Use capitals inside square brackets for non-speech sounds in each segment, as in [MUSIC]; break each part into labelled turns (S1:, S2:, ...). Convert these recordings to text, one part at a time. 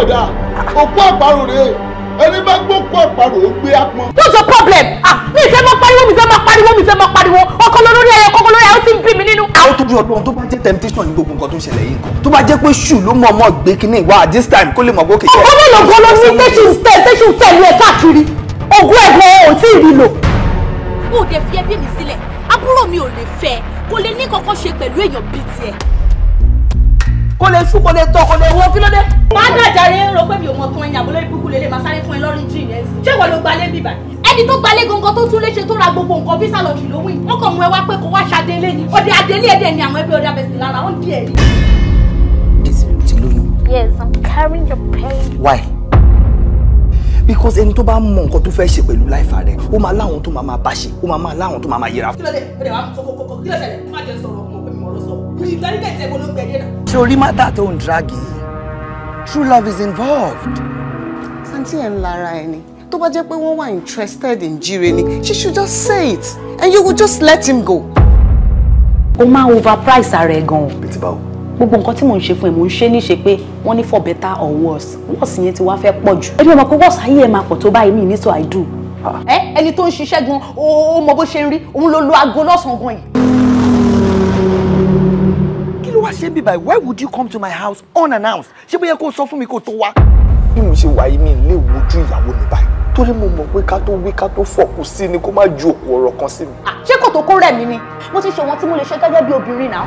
S1: ọ̀dà òkú àparò
S2: rèé ẹni bá gbókú àparò ó gbé apọn. what's your problem? ah mi ìfẹ́ máa pariwo mi ìfẹ́ máa pariwo mi ìfẹ́ máa pariwo ọkọ lórí ẹyẹ kọ́kọ́ lórí ẹyẹ ó ti ń bí mi nínú. àwọn tó bí ọdún tó bá jẹ́ temptation
S1: ní gbogbo nǹkan tó ń ṣẹlẹ̀ yìí tó bá jẹ́ pé ṣù ló mọ̀ ọmọ gbé kínní ìwà at this time kó lè mọ̀ gòkè. ọkọ mélòó gan ló ní
S2: tẹ́sán tẹ̀ tẹ́sán tẹ̀lé ẹ̀ káàkiri
S3: ogún ẹ̀gbọ́n ò tí ì rí lò. mo ò dẹ̀ fi ẹbí mi sílẹ̀ àbúrò mi ò lè fẹ́ kò lè ní kankan ṣe pẹ̀lú èèyàn bíi tiẹ̀
S1: kò lè ṣú kò lè tọ̀ kò lè wọ́ kí ló dé. wàá gbàjáre
S3: pé mi ò mọ tán ẹ̀yìn àbúlé ìbùkún lè lè máa sáré fún ẹ lọ́rùn jìn ẹ̀ sí.
S2: ṣé wọ́n ló gbalé bíbá ẹni tó gbalé gangan tó tún léṣe tó ra gbogbo nǹkan visa lọ́ọ̀tì lówó yìí wọ́n kàn mú ẹ wá pé kó wá ṣàdélé ni òde àdélé ẹ̀dẹ̀ ni àwọn ẹgbẹ́ ọ̀dà bẹ̀sẹ̀ lára ó ń di ẹ̀rí.
S1: Desiree ti lóyún. Yes, I'm carrying your pain. Why? because ẹni tó bá mọ nǹkan tó fẹ́ ṣe pẹ̀lú láìfà rẹ̀ ó máa láwọn tó máa máa bá ṣe ó máa máa láwọn tó máa máa yẹra. kí ló dé kí ló dé wàá kókókókó kí ló ṣẹlẹ̀ má jẹ́ sọ̀rọ̀ ṣé orí mátà tó ń true love is involved. santi and ń lara ẹni tó bá jẹ́ pé wọ́n interested in Jire she should just say it and you would just let him go. Oma máa overprice ara ẹ gan-an. bí ti bá o gbogbo nǹkan tí mò ń for better or worse worse yẹn ti wá fẹ́ pọ̀ jù. ẹni ọmọ pé worse ayé ẹ máa pọ̀ tó báyìí mi so i do. Eh? ẹni tó ń ṣiṣẹ́ gan-an ó mọ bó ṣe ń rí òun ló wá ṣe bí báyìí why would you come to my house unannounced ṣé bóyá kó sọ fún mi kó tó wá. bí mo ṣe wà yìí mi lè wojú ìyàwó mi báyìí torí mo mọ̀ pé ká tó wí ká tó fọ̀kù sí ni kó má ju òkú ọ̀rọ̀ kan sí mi. ṣé kò tó kó rẹ̀ mí ni mo ti ṣe wọn tí mo lè ṣe gẹ́gẹ́ bí obìnrin náà.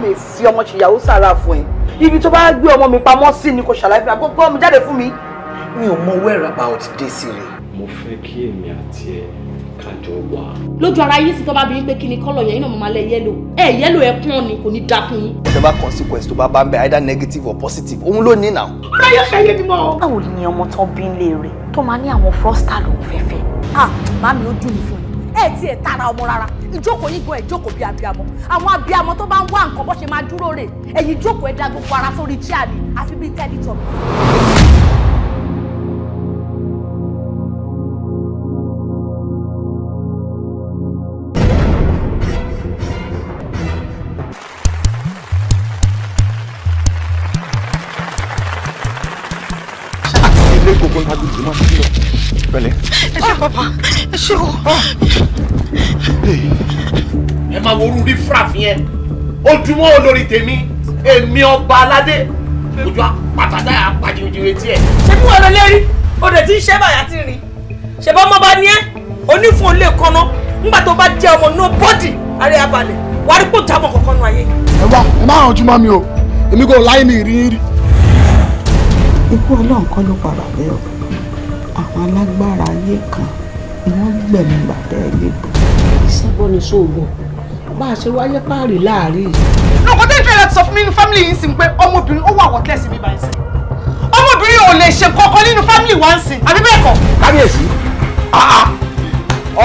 S1: mi fi ọmọ ṣìyàwó sára fún ẹ ibi tó bá gbé ọmọ mi pamọ́ sí ni kò ṣàlàyé fún mi àgbọ̀gbọ́ mi jáde fún mi. mi ò mọ where about dé sí rè. mo fẹ́ kí èmi àti ẹ̀ kájọ wà. lójú ara yín sì tó bá bí pé kí ni kọ́lọ̀ yẹn iná màmá lẹ yẹ́lò ẹ yẹ́lò ẹ kún ni kò ní da fún yín. whatever consequence tó bá bá ń bẹ either negative or positive òun ló ní náà. ọ̀rẹ́ yóò ṣe é yédìmọ̀. báwo
S3: ni ọmọ tó bí ń lé rẹ̀ tó máa ní àwọn frosta lòun fẹ́fẹ́. ah màmí ó dùn mí fún mi
S2: ẹ tí ẹ tara ọmọ rárá ìjókòó yín gan ìjókòó bí abiamọ àwọn abiamọ tó bá ń wá nǹkan bó ṣe máa dúró rè èyí jókòó ẹ dá gbogbo ara sórí chair ni àfi bíi tẹ́lítọ̀pù. pẹ̀lẹ́.
S4: ẹ ṣe bàbá ẹ ṣe o.
S1: ẹ máa wo orúurí fúrafin yẹn ojúmọ́ olórí tèmi èmi ọba aládé ojú àpàtàdá àpàjìjìrì tiẹ̀. ṣé fún ọ̀rọ̀ lérí o dẹ̀ ti ń ṣẹ́ bàyà tí rìn ṣèbá ọmọ bá ní ẹ́ onífún olè kanna nígbà tó bá jẹ́ ọmọ náà alágbára ayé kan ni wọ́n gbẹ̀mí bàbá ẹ̀ lébo. ìṣẹ́bọ̀ ni ṣòwò bá a ṣe wáyé páàrí láàrin. lóògùn tẹ́ ìfẹ́ láti sọ fún mi nínú fámìlì yìí sí pé ọmọbìnrin ó wà wọ́tẹ́sì mi báyìí sí. ọmọbìnrin ò lè ṣe kankan nínú fámìlì wa ń sìn àbí bẹ́ẹ̀ kọ́. kábíyèsí ah, ah.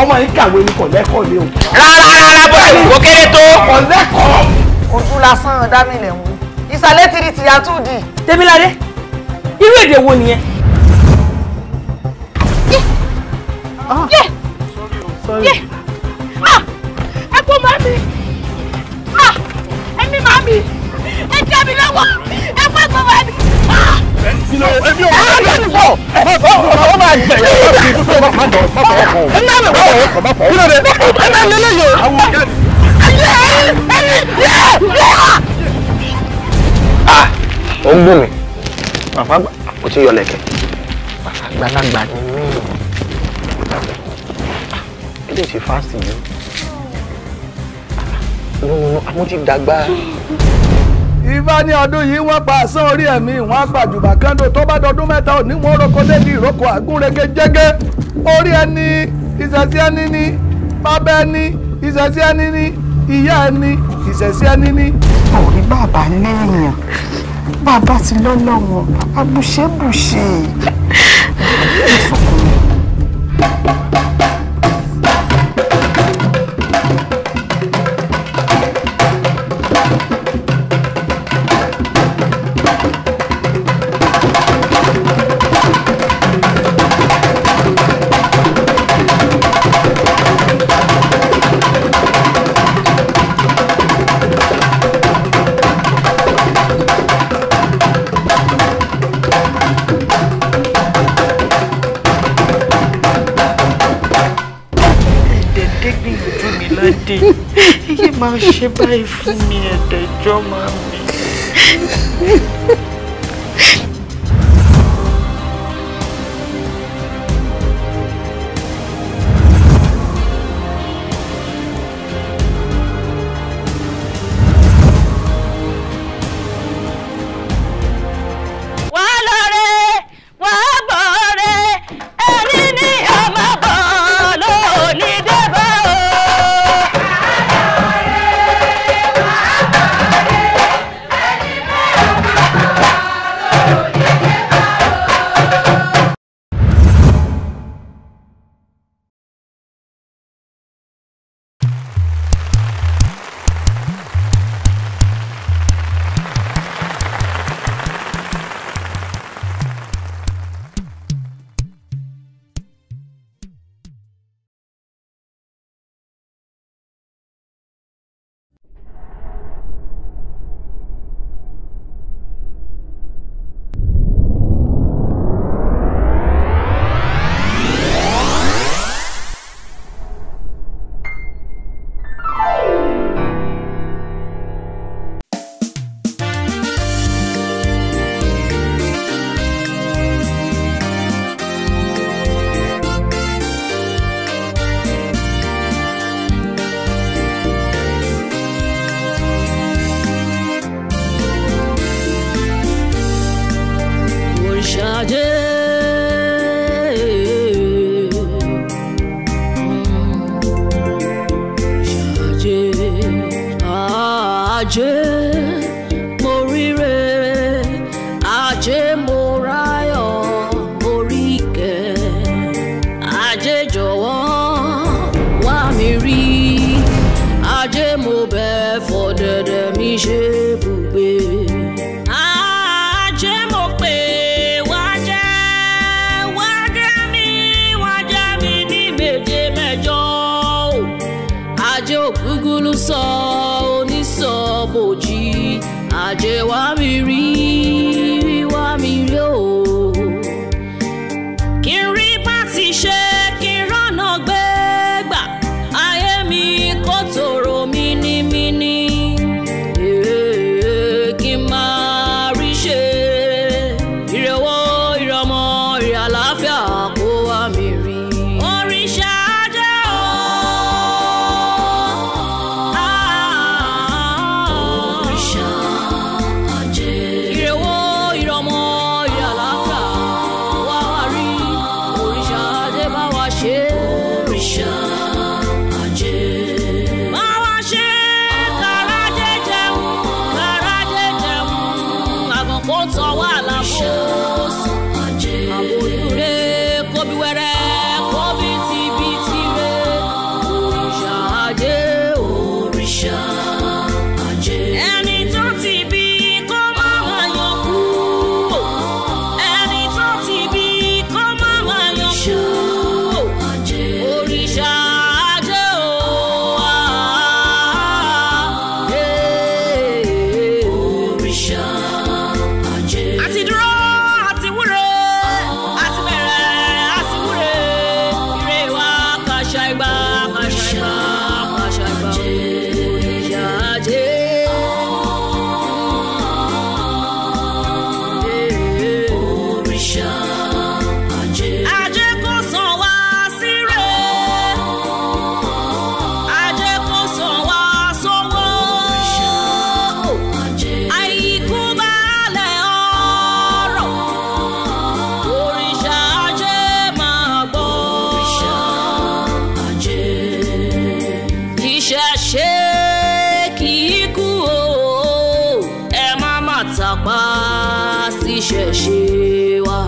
S1: ọmọ yìí kàwé ní kò lẹ́kọ̀ọ́ lé o. rárá
S2: rárá bó ṣe kò kéré tó. kò lẹ́kọ̀ọ́. ojú lásán dánilẹ̀ wù ìsàlẹ̀ tìrì tìyà tù dì.
S1: irú èdè wo nìyẹn
S2: yé ah, yé
S5: ah ẹ kú màmí ah ẹmí màmí ẹ jẹ́ mi lọ́wọ́ ẹ kú ẹ̀gbọ́n màmí ah. ah ẹ̀mí ò ẹ̀mí ò ẹ̀mí ò ẹ̀mí ò ọ̀rọ̀ máa gbẹ̀ yẹ̀ ẹ̀mí ò má bọ̀ má bọ̀ ọkọ̀ ẹ̀mí ò má bọ̀ ọkọ̀ má bọ̀ ọkọ̀ ẹ̀mí ò ẹ̀mí ò lélẹ̀ yìí. Àwọn ọ̀gá mi.
S1: Ah! Ó ń gún mi. Bàbá àgbà kò tí ì yọ lẹ̀kẹ̀. Bàbá àgbàlagbà ni dẹ̀ ṣe fásitì yìí nùnùnù àwọn ti dàgbà. ifá ní ọdún yìí wọ́n pa àsán orí ẹ̀mí wọ́n á gbàjùbà kando tó bá dọdún mẹ́ta òní wọ́n roko débi ìrókò àgúnrege jẹ́gẹ́ orí ẹni ìṣẹ̀sí ẹni ní bàbá ẹni ìṣẹ̀sí ẹni ní ìyá ẹni ìṣẹ̀sí ẹni ní. orí
S5: bàbá lẹ́yìn bàbá ti lọ́lọ́wọ́ bàbá bùṣẹ́bùṣẹ́ ìfọkùn [LAUGHS] máa ṣe báyìí fún mi ẹ̀dẹ̀jọ́ máa mi.
S3: apá síṣẹ̀ ṣe wa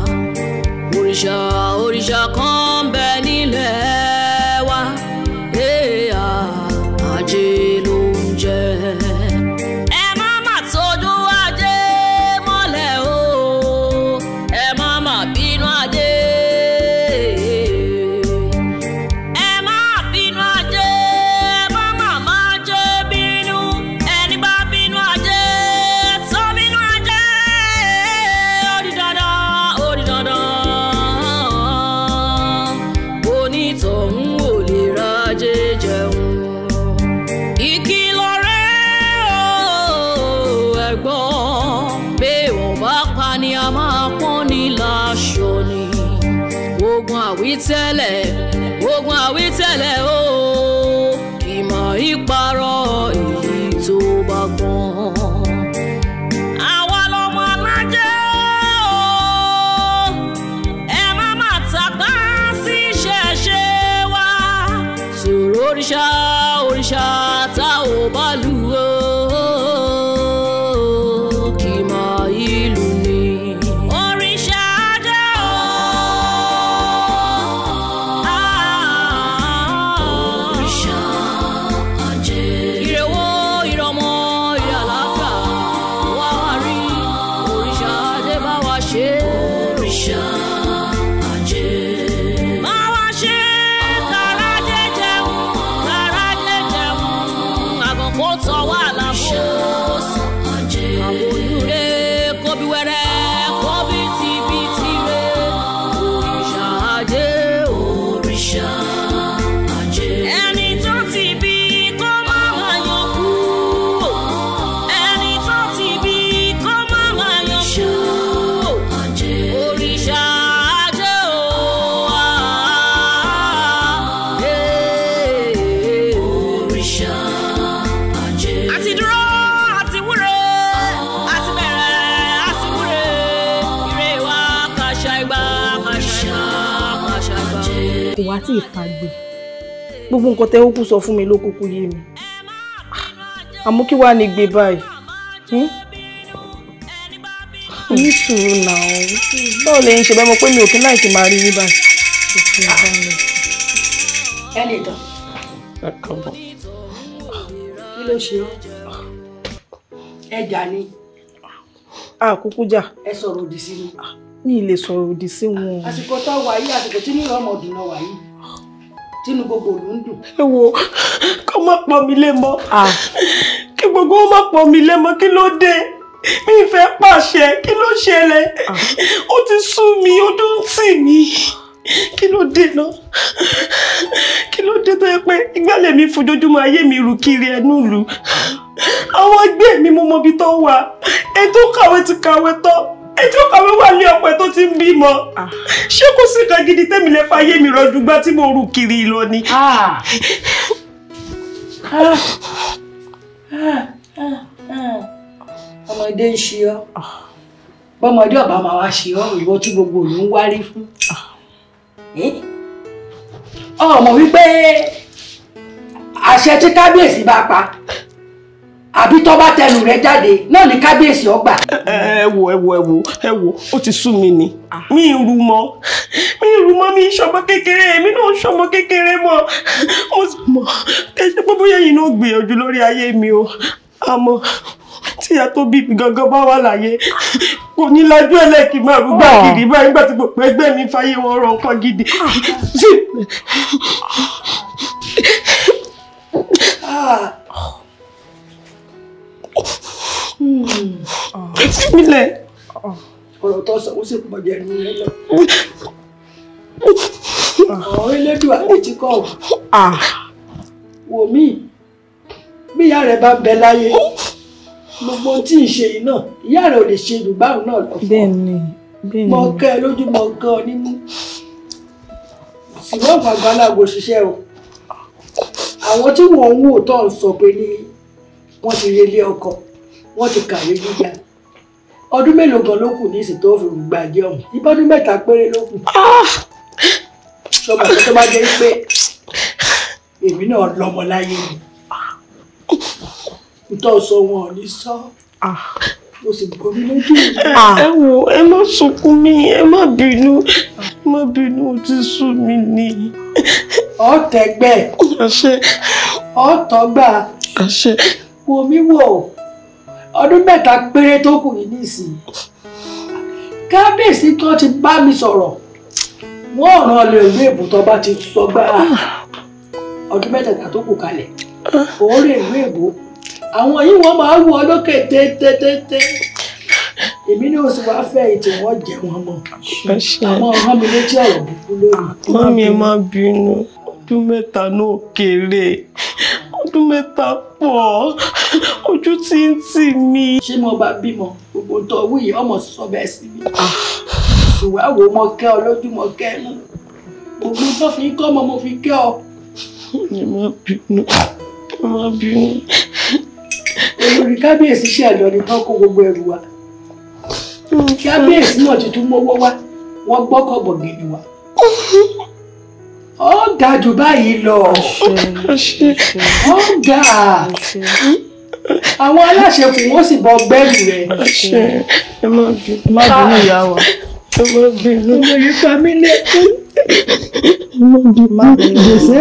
S3: òrìṣà òrìṣà kan bẹ nílẹ̀.
S1: gbogbo nǹkan tẹ́ kúkú sọ fún mi ló kúkú yé mi àmọ́ kí wàá ní gbé báyìí hmm? ní sùúrù náà báwo lè ń ṣe bẹ́ẹ̀ mọ̀ pé mi ò kí
S3: láì kí máa rí yín báyìí. ẹ lè dán. ẹ kábọ̀.
S2: kí ló ṣe ọ́ ẹ jà ni.
S1: a kúkú jà. ẹ sọ̀rọ̀ òdì sí mi. mi ì lè sọ̀rọ̀ òdì sí wọn. àsìkò tó wà yìí àsìkò tí mi ò mọ̀ dùn náà wà yìí tínú gbogbo òlù ń dùn. ẹ wo kó má pọ̀ mí lé mọ́ kí gbogbo ó má pọ̀ mí lé mọ́ kí ló dé mi fẹ́ pàṣẹ kí ló ṣẹlẹ̀ ó ti sú mi ọdún tì mí kí ló dé náà kí ló dé tó yẹ pé ìgbàlẹ̀ mi fojoojúmọ́ ayé mi rù kiri ẹnu lù àwọn ẹgbẹ́ mi mo mọ tó wà ètò kàwé ti kàwé tán ẹjọ́ kan ló wà ní ọ̀pẹ tó ti ń bímọ ah. ṣé kò sí nǹkan gidi tẹ́mi lè fàyè mi rọ dùgbà tí mo rù kiri lọ ni. Ah. Ah. ọmọdé ń ṣe ọ bọ́mọdé ọba máa wá ṣe ọ ìwọ tí gbogbo òun ń wárí fún
S2: eh? ọmọ wípé àṣẹ tí kábíyèsí bá pa àbí tó bá tẹnu rẹ jáde náà ní
S1: kábíyèsí ọgbà. ẹ wo ẹ wo ẹ wo ẹ wo ó ti sú mi ni mi ì ru mọ mi ì ru mọ mi ì ṣọmọ kékeré èmi náà ń ṣọmọ kékeré mọ mo sì mọ kẹsẹ pé bóyá yìí náà gbìyànjú lórí ayé mi o àmọ́ tí a tó bí mi gangan bá wà láyé kò ní lajú ẹlẹ́kì máa rú gbà gidi báyìí nígbà tí gbogbo ẹgbẹ́ mi fáyé wọn rọ nǹkan gidi. ah. Fi mi lẹ̀. Ọ̀rọ̀ tó sọ, ó sì pọ̀ jẹ́ ẹnu rẹ lọ. Ọ̀rọ̀ elédùn àti kọ̀ wò mí. Bí ìyá rẹ̀ bá ń bẹ láyé, gbogbo ohun tí ì ṣe yìí náà, ìyá rẹ̀ ò lè ṣe jù báwọn náà lọ fún ọ. Bẹ́ẹ̀ni, bẹ́ẹ̀ni. lójú, mo kẹ́ ọ nímú. Ṣùgbọ́n gbàgbọ́ aláàgbò ṣiṣẹ́ o. Àwọn tí wọ́n ń wò tó ń sọ pé ní wọ́n ti relé ọkọ̀ wọ́n ti kàwé gíga ọdún mélòó gan ló kù ní ìsìn tó fi gbàjẹ ọ̀hún ìbọdún mẹ́ta péré ló kù. sọmọ tó bá jẹ́ pé èmi náà lọ́mọ láyé mi ntọ́ sọ wọn ò ní sọ mo sì bomi lójú ẹ wo ẹ má sunkún mi ẹ má bínú ẹ má bínú ó ti sú mi ni. ọ̀tẹ̀gbẹ́ ọ̀tọ̀gbà wo mi wò ọdún mẹ́ta péré tó kù yìí nísìnyí kábíyèsí tó ti bá mi sọ̀rọ̀ wọ́n ràn lè rí èbùtọ́ bá ti sọgbà ọdún mẹ́tẹ̀ẹ̀ta tó kù kalẹ̀ òun rè rí èbó àwọn yìí wọ́n máa wọ lókè tététété èmi ní oṣù wá fẹ́ ètò wọn jẹ wọn mọ àwọn ọ̀ràn mi létí ọ̀rọ̀
S4: búburú lórí. mọ́mí
S1: má bínú ọdún mẹ́ta náà kéré ọdún mẹ́ta pọ̀ ojú tí ń tì mí. ṣé mo bá bímọ gbogbo tó wí yìí ọmọ sọ bẹ́ẹ̀ sí mi. Ah. ṣùgbọ́n àwọ̀ mo kẹ́ ọ lójú mo kẹ́ ẹ nù gbogbo tó fi kọ́ ọmọ mo fi kẹ́ ọ. ẹ má bínú ẹ má bínú. olórí kábíyèsí ṣẹ̀lọ ni tán kó gbogbo ẹrù wa kábíyèsí náà ti tún mọ́wọ́ wá wọ́n gbọ́kọ̀ bọ̀gìnì
S2: wa. Oh ó ga jù báyìí lọ ó ga àwọn aláṣẹ kù wọ́n sì bọ gbẹ́rù
S4: rẹ̀.
S5: ẹ má bínú má bínú ìyá wa ẹ má bínú. ọmọ yìí fa mí lẹ́kún. má bínú gbèsè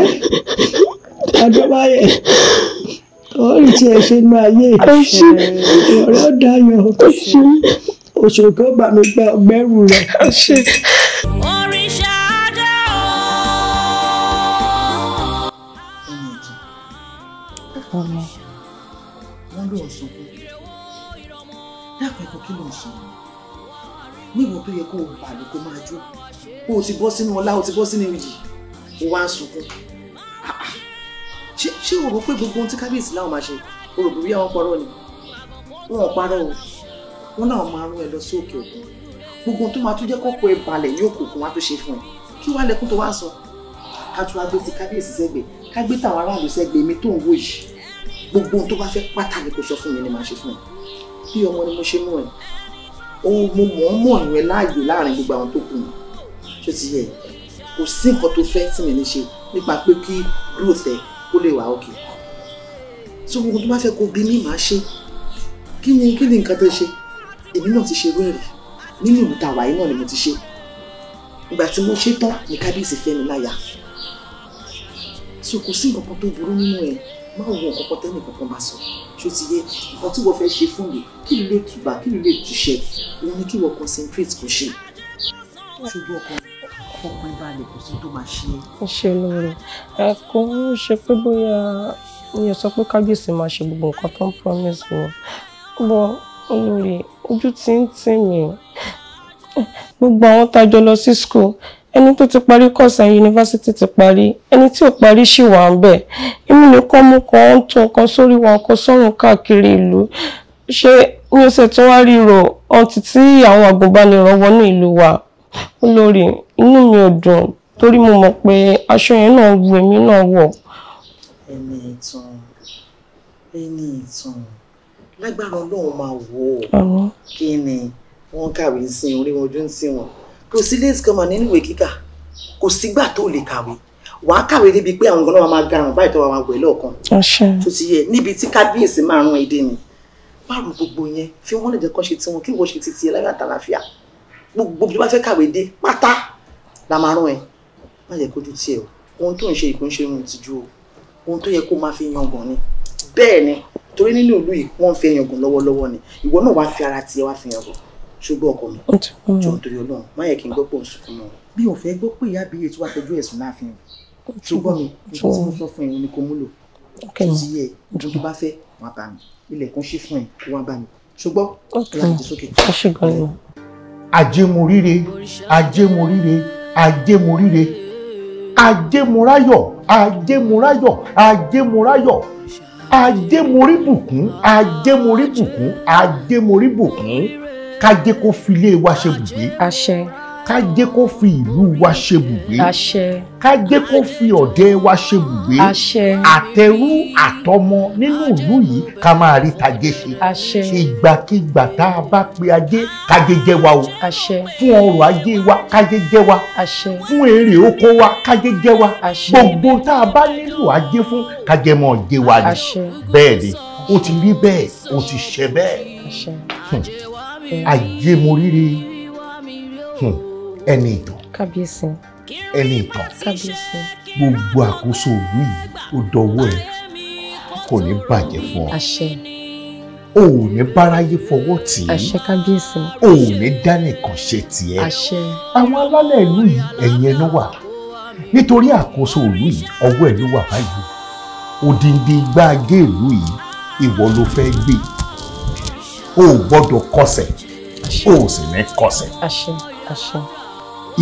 S5: adọ́báyẹ̀ orí tí ẹ ṣe nu ayé ọ̀rẹ́ ọ̀dà
S1: ayọ̀ òṣèlú ọgbà mi gba ọgbẹ́rù rẹ̀. sùn níwọ̀n tó yẹ kó o balẹ̀ kó máa jó kó o ti bọ́ sínú ọlá o ti bọ́ sínú ìyì o wá ń sunkún ṣé o rò pé gbogbo ohun tí kábíyèsí láwọn máa ṣe o rò bí àwọn parọ́ ni wọn ò parọ́ o wọn náà máa rún ẹ lọ sí òkè òkun gbogbo ohun tó máa tún jẹ́ kọ́kọ́ ẹ balẹ̀ ní òkè òkun wá tó ṣe fún ẹ kí wàá lẹkùn tó wá sọ ká tún wá ti kábíyèsí sẹ́gbẹ̀ẹ́ ká gbé tàwọn aráàlú sẹ́gbẹ̀ẹ́ mi tó ń wò yìí gbogbo ohun tó bá fẹ́ pátá ni kò sọ fún mi ni màá ṣe fún ẹ bí ọmọ ni mo ṣe mú ẹ ohun mo mọ̀ ọ́n mọ̀ yẹn láàyò láàrin gbogbo àwọn tó kù mi ṣé ti yẹ kò sí nǹkan tó fẹ́ tí mi ní ṣe nípa pé kí growth ẹ kó lè wà òkè tí ohun tó bá fẹ́ kó gbé ní màá ṣe kí ni kí ni nǹkan tó ṣe èmi náà ti ṣe irú ẹ̀rí nínú ìlú tàwa yìí náà ni mo ti ṣe ìgbà tí mo
S2: ṣe tán ni kábíyèsí fẹ́ mi láyà
S1: so kò sí nǹkan kan tó burú nínú ẹ̀ má wo nǹkan kan tẹ́lẹ̀ kankan máa sọ ṣó ti yé nǹkan tí wọ́n fẹ́ ṣe fún mi kí ló lè tùbà kí ló lè túṣẹ òun ni kí wọ́n concentrate kò ṣe ṣùgbọ́n ọkàn ọkùnrin balẹ̀ kò sí tó máa ṣe é. ó ṣe lóore ẹ kò ń ṣe pé bóyá mi ò sọ pé kábíyèsí máa ṣe gbogbo nǹkan tó ń promise mi bọ olórí ojú ti ń tì mí gbogbo àwọn tájọ lọ sí school ẹni tó ti parí kọ̀sán yunifásitì ti parí ẹni tí ò parí ṣì wà ń bẹ̀ èmi nìkan mú kan ń tún ọkàn sórí wa ọkọ sọ́run káàkiri ìlú ṣé ní ọ̀sẹ̀ tó wá ríro ọtí tí àwọn àgùnbánirọ̀ wọnú ìlú wa olórí inú mi ò dùn torí mo mọ̀ pé aṣọ yẹn náà wu èmi náà wọ̀. ẹni ìtàn ẹni ìtàn lágbára ọlọ́run máa wò ó kí ni wọ́n kàwé sí orí ojú ń sí wọn kò sí late comer nínú ìwé kíkà kò sígbà tó lè kàwé wà á kàwé débi pé àwọn gan máa garùn báyìí tó wà máa wẹ̀ tó ti yẹ níbi tí kábíyèsí máa rún èdè ni báwo gbogbo yẹn fi wọ́n lè jẹ́ kán ṣe tiwọn kí wọ́n ṣe ti tiẹ̀ láyọ̀ àtàlàfíà gbogbo bí wọ́n fẹ́ kàwé dé pátá la máa rún ẹ má yẹ kójú tiẹ̀ o ohun tó ń ṣe ìkó ń ṣe ohun o ohun tó yẹ kó máa fi yangàn ni bẹ́ẹ̀ ni torí nínú ìlú yìí wọ́n ń fi yangàn lọ́wọ́lọ́wọ́ ni ìwọ náà wàá fi ara tiẹ̀ wàá fi yangàn ṣùgbọ́n ọkọ mi jọ nítorí ọlọ́run má yẹ kí n gbọ́ pò ń sunkún náà bí òun fẹ́ gbọ́ pé ìyá àbíyè tí wàá fẹjọ́ ẹ̀sùn láàfin o ṣùgbọ́n mi nǹkan tí mo sọ fún ẹ ni kò múlò tó ti yẹ ohun tó bá fẹ́ wá bá mi ilẹ̀kùn ṣí fún ẹ kó wá bá mi ṣùgbọ́n láti sókè. ajémoríre ajémoríre ajémoríre ajémoráyọ̀ ajémoráyọ̀ ajémoráyọ̀ ajémoríbùkún ajémoríbùkún ajémoríbùkún ká jẹ́ kó fi ilé wa ṣe bùgbé. àṣẹ. ká jẹ́ kó fi ìlú wa ṣe bùgbé. àṣẹ. ká jẹ́ kó fi ọ̀dẹ wa ṣe bùgbé. àṣẹ. àtẹrú àtọmọ nínú ìlú yìí ká máa rí tajé ṣe. àṣẹ. ìgbàkigbà tá a bá pe ajé kájé jẹ́ wa o. àṣẹ. fún ọrọ̀ ajé wa kájé jẹ́ wa. àṣẹ. fún èrè oko wa kájé jẹ́ wa. àṣẹ. gbogbo tá a bá nílò ajé fún kájé mọ́ jẹ́ wa ni. àṣẹ. bẹ́ẹ̀ ni ó ti rí bẹ́ẹ̀ ó ti ṣe bẹ́ẹ̀. àṣẹ. Hmm ayé mo ríre hmm. ẹni ìtàn kábíyèsí ẹni ìtàn kábíyèsí gbogbo àkóso ìlú yìí ó dọwọ́ ẹ kò ní bàjẹ́ fún ọ àṣẹ o ò ní báráyé fọwọ́ tì í àṣẹ kábíyèsí o ò ní dá nìkan ṣe tiẹ̀ àṣẹ àwọn alálẹ̀ ìlú yìí ẹ̀yìn ẹnu wà nítorí àkóso ìlú yìí ọwọ́ ẹ̀ ló wà báyìí odindi igbá ìlú yìí ìwọ ló fẹ́ gbé o ò gbọ́dọ̀ kọsẹ̀ o ò sì ní kọsẹ̀. àṣẹ àṣẹ.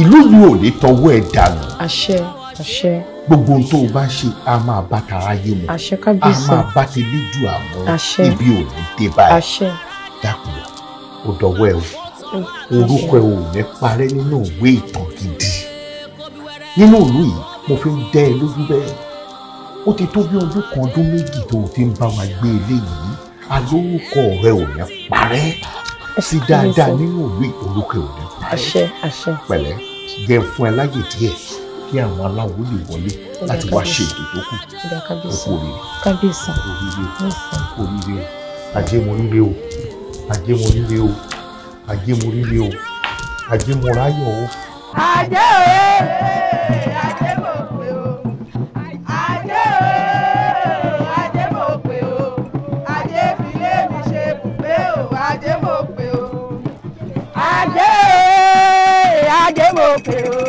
S1: ìlú yìí ò lè tọwọ́ ẹ̀ dànù. àṣẹ àṣẹ. gbogbo ohun tó o bá ṣe a máa bá tara yé mu.
S2: a máa
S1: bá ti lójú àmọ́ ibi ò ní dé báyìí. dàpọ̀ o dọwọ́ ẹ o
S2: mm, orúkọ ẹ
S1: ò ní parẹ́ nínú òwe ìtàn gidi nínú ìlú yìí mo fi ń dẹ́ ẹ lójú bẹ́ẹ̀ ó ti tó bí ọdún kan ọdún méjì tó o fi ń bá wa gbé eléyìí alórúkọ rẹ ò ní parẹ́ sí dáadáa nínú ìlú ìtòlókè ò ní parẹ́ pẹ̀lẹ́ jẹ́ fún ẹ láyè díẹ̀ kí àwọn aláwo lè wọlé láti wá ṣe ètò tó kù ọkọ rẹ kábíyèsí ọkọ rẹ ajé mo ríre o ajé mo ríre o ajé mo ríre o ajé mo ráyọ̀ o. ajé o.
S2: mo kèrò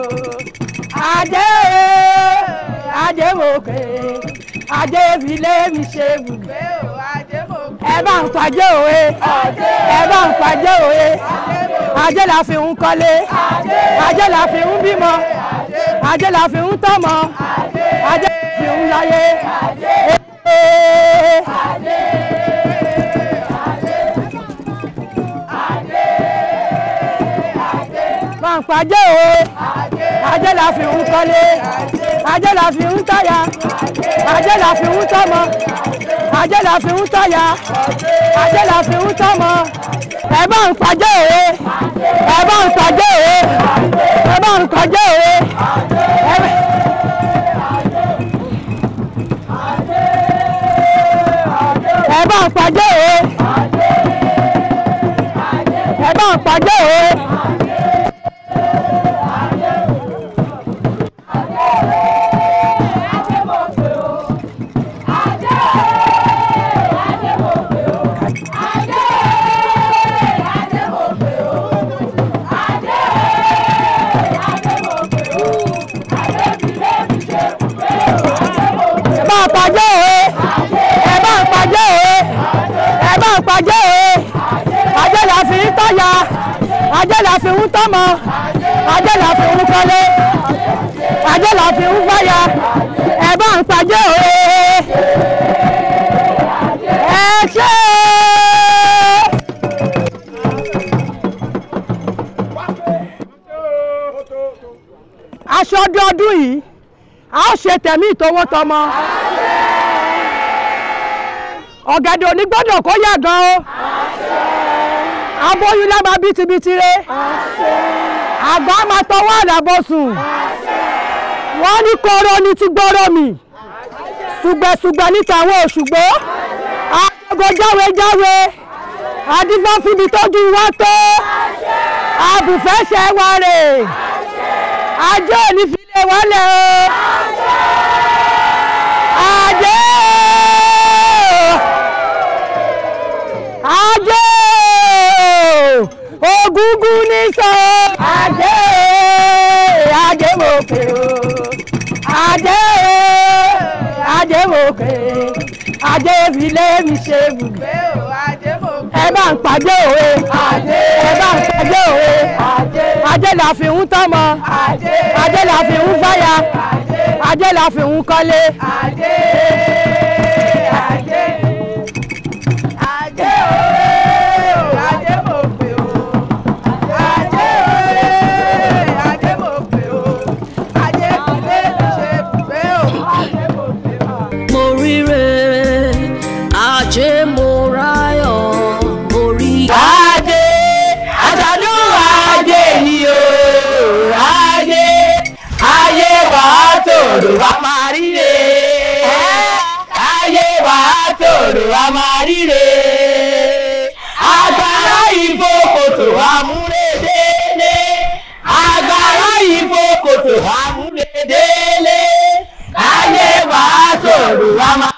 S2: adé adé mo kèrè adé mi lé mi ṣe bùgbé o adé mo kèrè. ẹ bá ń pàjẹ́ òwe ẹ bá ń pàjẹ́ òwe ajé la fi ń kọ́lé ajé la fi ń bímọ ajé la fi ń tọ́mọ ajé la fi ń láyé. E. àǹpàjẹ́ o ajé la fi ń kọ́lé ajé la fi ń táyà ajé la fi ń tọ́mọ ajé la fi ń táyà ajé la fi ń tọ́mọ ẹ bá ń pàjẹ́ òwe ẹ bá ń pàjẹ́ òwe ẹ bá ń pàjẹ́ òwe. ẹ bá ń pàjẹ́ òwe ẹ bá ń pàjẹ́ òwe. à ń pajẹ́ o ajé là fi ń tọ́ya ajé là fi ń tọ́mọ ajé là fi ń kọ́lé ajé là fi ń fáya ẹ ń pajẹ́ o ẹ ṣe aṣọ ọdún ọdún yìí a ó ṣe tẹ̀mí ìtọwọ́tọmọ ọ̀gẹ̀dẹ̀ òní gbọ́dọ̀ kó yà gan o. aboyún la máa bí tibitire. àgbà máa tọwọ́ àdàbọ̀ sùn. wọ́n ní kóró ni ti gbọ́rọ̀ mi. ṣùgbẹ̀ṣùgbẹ̀ ní tàwọn òṣùgbọ́. àgọ́ jáwe jáwe. àdìsá fìbí tójú wá tó. àbùfẹ́ ṣẹ́ wa rè.
S5: ajé òní fi lè wọlé o. ajé
S2: ògúngún ní sọ ajé ajé mòkè o ajé ajé mòkè ajé ìfilé mi ṣe bùgbé o ajé mòkè ẹ bá ń pàdé òwe ajé ẹ bá ń pàdé òwe ajé ajé la fi ń tọ́mọ ajé la fi ń fáyà ajé la fi ń kọ́lé ajé. wà á tòrò a máa ríre.
S3: Ayé wà á tòrò a
S2: máa ríre.
S5: Agbára ìbò kòtò amúlédélé. Agbára ìbò kòtò amúlédélé. Ayé wà á tòrò a máa ríre.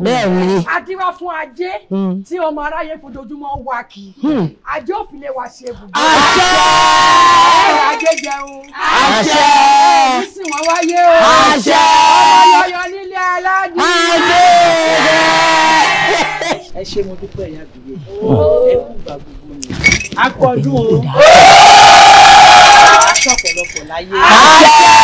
S2: bẹ́ẹ̀ni. a díra fún ajé hmm. tí ọmọ aráyé fojoojúmọ́ wá kí hmm. ajé òfin lè wá ṣe ibùdó. àṣẹ.
S4: ajé jẹun. àṣẹ. ìsìn wọn
S5: wáyé o. àṣẹ. ọlọyọyọ nílé aládùn. àṣẹ. ẹ ṣe mo dúpẹ́ ìyá àbíyẹ ẹ kú gbà gbogbo mi. a o. a láyé. àṣẹ.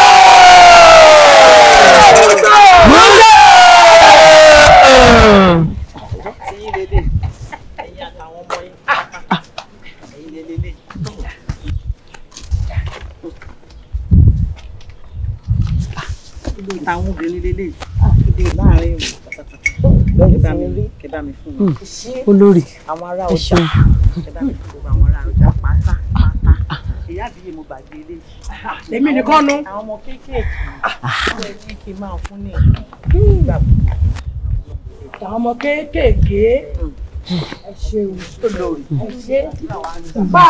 S1: àtàwọn obìnrin lélẹ̀ àkìdè ah, láàrin ìwò kẹ bá mi fún hmm. wọn. olórí àwọn ará ọjà kẹ bá mi fún gbogbo àwọn ará ọjà pátá pátá ìyá àbíyè mo gbàgbé ilé. èmi nìkan nu. àwọn ọmọ kéékèèké ọmọ ẹni
S5: kì í máa fún ní ìgbà hmm. gbogbo.
S2: àwọn ọmọ kéékèèké ẹ ṣeun olórí
S5: ẹ ṣe bá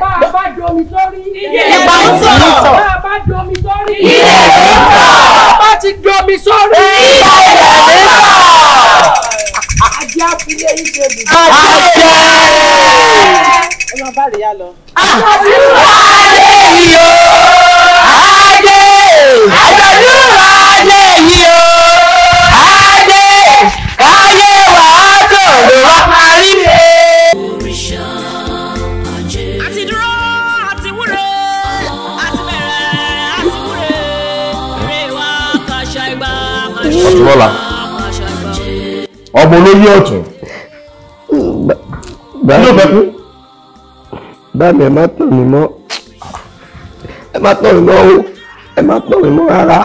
S5: a bá domi sórí bá a bá domi sórí ìgbà ń sọ̀rọ̀ bá a bá domi sórí ilé ìlú sọ bá ti domi sórí ilé ìlú sọ. ajá fúlé yìí ṣe bùkún. ajá ẹ máa bá rèé yá lọ. àjọyọ̀ wà lẹ́yìn
S2: o ajé àjọyọ̀ wà. Ọ̀túnlọ́lá
S1: ọmọ olóyè ọ̀tún kí ló fẹ́ kú. báàmì ẹ má tàn mí mọ́ ẹ má tàn mí mọ́ o ẹ má tàn mí mọ́ rárá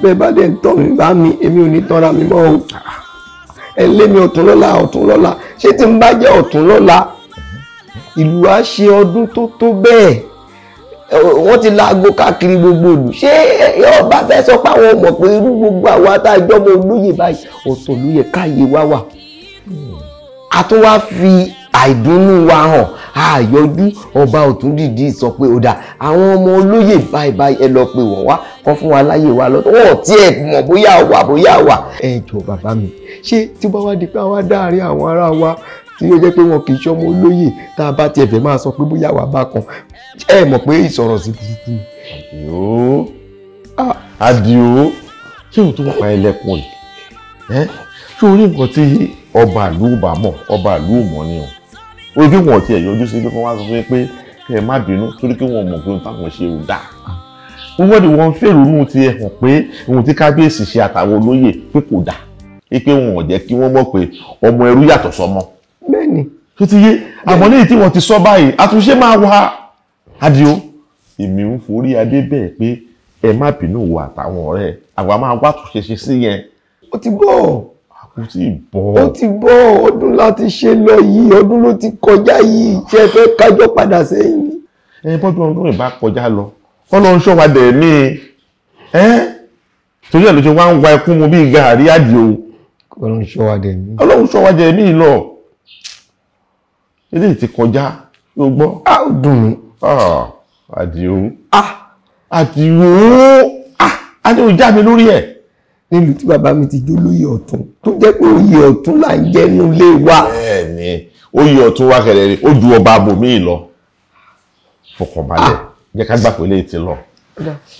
S1: bẹ́ẹ̀ bá dẹ̀ ń tàn mí bá mi èmi ò ní tanra mi mọ́ o ẹ lé mi Ọ̀túnlọ́lá Ọ̀túnlọ́lá ṣé tí n bá jẹ́ Ọ̀túnlọ́lá ìlú á ṣe ọdún tó tó bẹ́ẹ̀ wọ́n ti laago káàkiri gbogbo ìlú ṣé ọba fẹ́ sọ pé àwọn ọmọ pé irú gbogbo àwọn atájọ́mọ olóyè báyìí ọ̀tọ̀ ló yẹ káyé wá wà a tún wá fi àìdùnnú wa hàn àyọjú ọba ọ̀tún dìdí sọ pé ó dà àwọn ọmọ olóyè báyìí báyìí ẹ lọ pé wọ́n wá kọ́ fún wa láyè wa lọ́tọ̀ wọ́n tí ẹ mọ̀ bóyá wà bóyá wà. ẹ jọ bàbá mi ṣé tí bá wá di pé àwa dáàrin àwọn ará wa tí ó jẹ́ pé wọn kì í ṣọmọ olóyè tá a bá tiẹ̀ fẹ́ máa sọ pé bóyá wà bá kan ẹ mọ̀ pé ìsọ̀rọ̀ sí títí. yòó Àdìó ṣé òun tó ń pa ẹlẹ́kùn yìí ṣé orí nǹkan tí ọba ìlú bá mọ̀ ọba ìlú mọ̀ ni o ojú wọn tiẹ̀ yọjú sí pé kí wọ́n wá sọ fún yín pé kẹ́ ẹ má bínú torí kí wọ́n mọ̀ pé ohun táwọn ṣe ò dáa wọ́n ní wọ́n fèrò inú ti ẹ̀ hàn pé ohun tí kábíyèsí ṣe àtàwọn olóyè pé kò dáa pé wọn ò jẹ́ kí wọ́n mọ̀ pé ọmọ ẹrú yàtọ̀ sọmọ ni. tó ti yé àmọ́ lẹ́yìn tí wọ́n ti sọ báyìí àtúnṣe máa wá Adio èmi ń forí adé bẹ́ẹ̀ pé ẹ má bínú wo àtàwọn ọ̀rẹ́ àwa máa wá àtúnṣe ṣe sí yẹn. ó ti bọ̀ ó ti bọ̀ ó ti bọ̀ ọdún láti ṣe lọ yìí ọdún ló ti kọjá yìí ṣe fẹ́ kájọ́ padà sẹ́yìn. ẹ bọ́dún ọdún ìbá kọjá lọ Ọlọ́run ṣọ́ wa dẹ̀ mí ẹ́ torí ẹ̀ ló ṣe wá ń wa ikú mu bíi gàárì Adio. Ọlọ́run ṣọ́ wa dẹ̀ mí. Ọlọ́run ṣọ́ wa dẹ̀ mí lọ eléyìí ti kọjá ló gbọ́ á ó dùn mí àdìo àdìo àdìo já mi lórí ẹ̀. nílùú tí bàbá mi ti jó lóyè ọ̀tún tó jẹ́ pé oyè ọ̀tún là ń jẹ́nu lé wa. bẹ́ẹ̀ni oyè ọ̀tún wa kẹlẹ rí ó ju ọba abòmíì lọ fọkànbalẹ̀ jẹ́ ká gbà pé ti lọ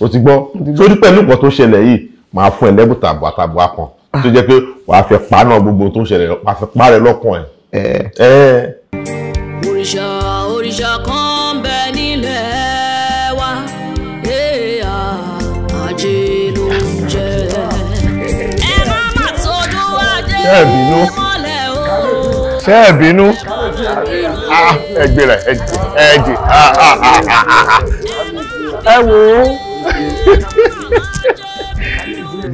S1: o ti gbọ́ sórí pẹ̀lú nǹkan tó ṣẹlẹ̀ yìí máa fún ẹ lẹ́bùn tàbọ̀ àtàbọ̀ apọ̀n tó jẹ́ pé wàá fẹ́ pa náà gbogbo tó ń ṣẹlẹ̀ wàá fẹ́ parẹ́ lọ́kàn ẹ̀ òrìṣà
S3: òrìṣà kan bẹ nílẹ̀ wa èèyà ajé ló ń jẹ. ẹ má má tójú ajé
S1: ló mọ́lẹ̀ o. ṣé ẹ bínú ah, ẹ gbéra
S5: ẹ jì ẹ ah, ah, wò ó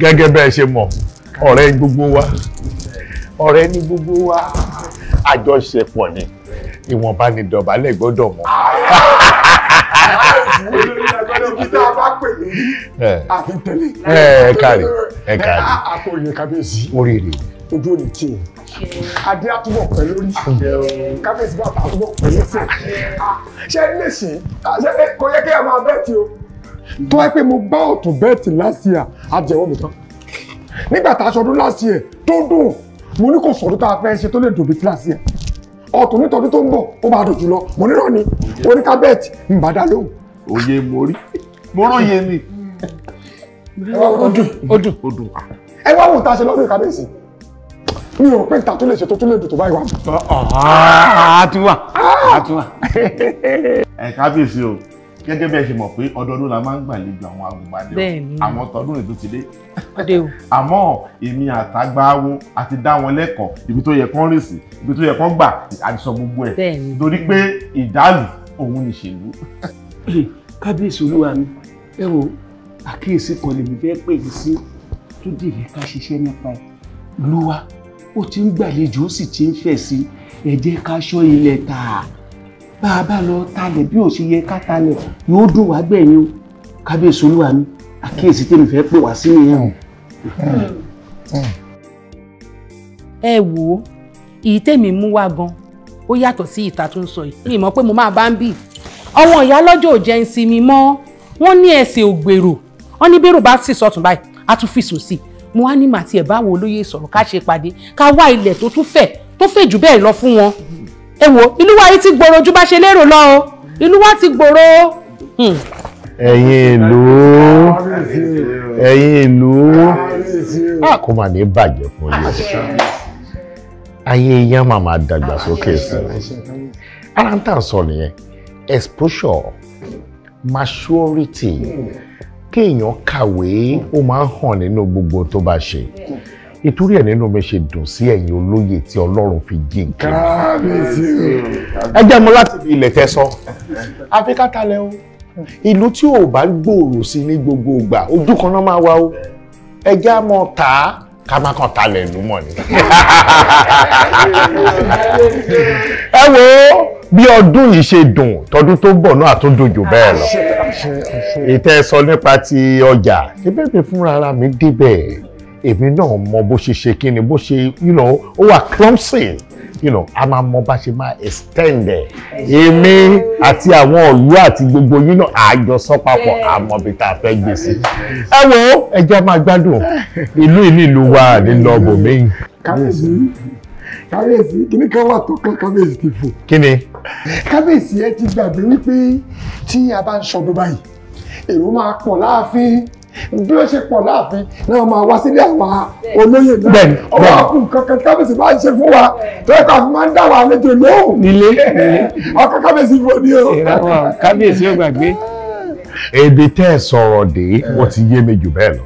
S1: gẹ́gẹ́ bẹ́ẹ̀ ṣe mọ̀ ọ̀rẹ́ gbogbo wa ọ̀rẹ́ ní gbogbo wa àjọṣepọ̀ ni ìwọ̀nba ni dọ̀bálẹ̀ gbọ́dọ̀ mọ́. Ìgbésẹ̀ a bá pè ní eh, àfintẹ́lẹ̀. Ẹ kárí ẹ eh, kárí. Ah, ah, Akọ̀yìn kábíyèsí. Oríire. Ojú òní tí. Adé àtúbọ̀ pẹ̀lú orí. Kábíyèsí bàbá àtúbọ̀ pẹ̀lú ẹsẹ̀. Ah, ṣé lè ṣí? Eh, kò yẹ kí ẹ máa bẹ́ẹ̀tì o. Tó wáyé pé mo bá ọ̀tún bẹ́ẹ̀tì last year, a jẹ̀wọ́ mi tán. Nígbà tá a ṣọdún last year tó dùn mo ní kò sọ̀rọ̀ tá a fẹ́ ṣe tó lè dòbí kíláàsì ẹ̀ ọ̀tún nítọ́dún tó ń bọ̀ ó máa dùn jùlọ mo nírọ̀ ni oníkábẹ́ẹ̀tì ń bá dá lóhùn. òye mo rí mo rán yé mi.
S5: ó dùn ó
S1: dùn. ẹ wá wò tá a ṣe lọ́dún ìkábẹ́ẹ̀sì mi ò pé ìta tó lè ṣe tó tún lè dùn tó báyìí wá. ẹ kábíyèsí o gẹ́gẹ́ bẹ́ẹ̀ ṣe mọ̀ pé ọdọọdún la máa ń gbàlejò àwọn agùnbánirọ̀ àwọn tọdún ètò ti dé àmọ́ èmi àtàgbáwo àti dá wọn lẹ́kọ̀ọ́ ibi tó yẹ kán rè sí ibi tó yẹ kán gbà àdìsọ gbogbo ẹ̀ torí pé ìdálù òun nìṣèlú. kábíyèsí olúwa mi ẹ wo àkíyèsí kan lèmi fẹ́ pè é sí tó dìrì ká ṣiṣẹ́ nípa ẹ̀ lúwa ó ti ń gbàlejò ó sì ti ń fẹ̀ sí ẹ jẹ́ ká ṣọ́ ilẹ̀ tàà bá a bá lọ talẹ̀ bí ò ṣe yẹ ká talẹ̀ yóò dùn wá gbẹ̀yìn o kábíyèsí olúwa mi àkíyèsí tèmi fẹ́ pè wá sí nìyẹn o. ẹ wò ó ìyí tèmi mú wá gan ó yàtọ̀ sí ìta tó ń sọ yìí mi mọ̀ pé mo máa bá ń bì ọwọ́ ìyá lọ́jọ́ ò jẹ́ ń sinmi mọ́ wọ́n ní ẹsẹ̀ ògbèrò wọ́n ní bẹ́rù bá sì sọ̀tún báyìí á tún fi sùn sí i mo wá ní màtí ẹ̀ báwo olóyè sọ̀rọ̀ ká ṣe pàdé
S2: ká wá ilẹ̀ tó tún fẹ̀ tó fẹ̀ jù bẹ́ẹ̀ lọ fún wọn ẹ wo ìlú wa yìí ti gbòòrò ju bá ṣe lérò lọ o ìlú wa ti gbòòrò o. Hmm.
S4: ẹ̀yin ìlú
S1: ẹ̀yin ìlú kó má ní bàjẹ́
S2: fún yín
S1: ayé yẹn máa máa dàgbàsókè sí i ara ń tà sọ nìyẹn exposure maturity kéèyàn kàwé ó máa ń hàn nínú gbogbo tó bá ṣe ìtúrí ẹ̀ nínú mi ṣe dùn sí ẹ̀yin olóyè tí ọlọ́run fi jí nǹkan. kábíyèsí ẹ jẹ́ mo láti fi ilẹ̀ tẹ́ sọ àfi káta lẹ o ìlú tí ò bá gbòòrò sí ní gbogbo ìgbà ojú kan náà máa wá o ẹ jẹ́ á mọ tà á ká má kàn talẹ̀ ìlú mọ̀ ni. ẹ wo bí ọdún yìí ṣe dùn tọdún tó bọ̀ náà tó dùn bẹ́ẹ̀ lọ ìtẹ́ sọ nípa ti ọjà ṣé fúnra mi débẹ̀ èmi náà mọ bó ṣe ṣe kí ni bó ṣe you know ó wà clumsy you know a máa mọ bá ṣe máa extend ẹ èmi àti àwọn ọ̀lú àti gbogbo yín náà àjọsọ papọ̀ àmọ́ bí tá a fẹ́ gbé sí ẹ wo ẹjọ́ máa gbádùn ìlú ìní ìlú wa nílò ọbọ̀mẹ́yìn. kábíyèsí kábíyèsí kíní kan wà tó kọ́ kábíyèsí ti fò. kíni. kábíyèsí ẹ ti gbàgbé wípé tí a bá ń sọ bó báyìí èrò máa pọ̀ láàfin bí ó ṣe pọ̀ láàfin náà máa wá sílé àwa olóyè náà ọba àkùn kankan kábíyèsí máa ń ṣe fún wa tẹ́lẹ̀ kan àfi máa ń dá wa àlejò lóhùn nílé ọkọ kábíyèsí
S4: fún ni o. kábíyèsí ò gbàgbé.
S1: èdè tẹ́ ẹ sọ̀rọ̀ dé wọ́n ti yé mi jù bẹ́ẹ̀ lọ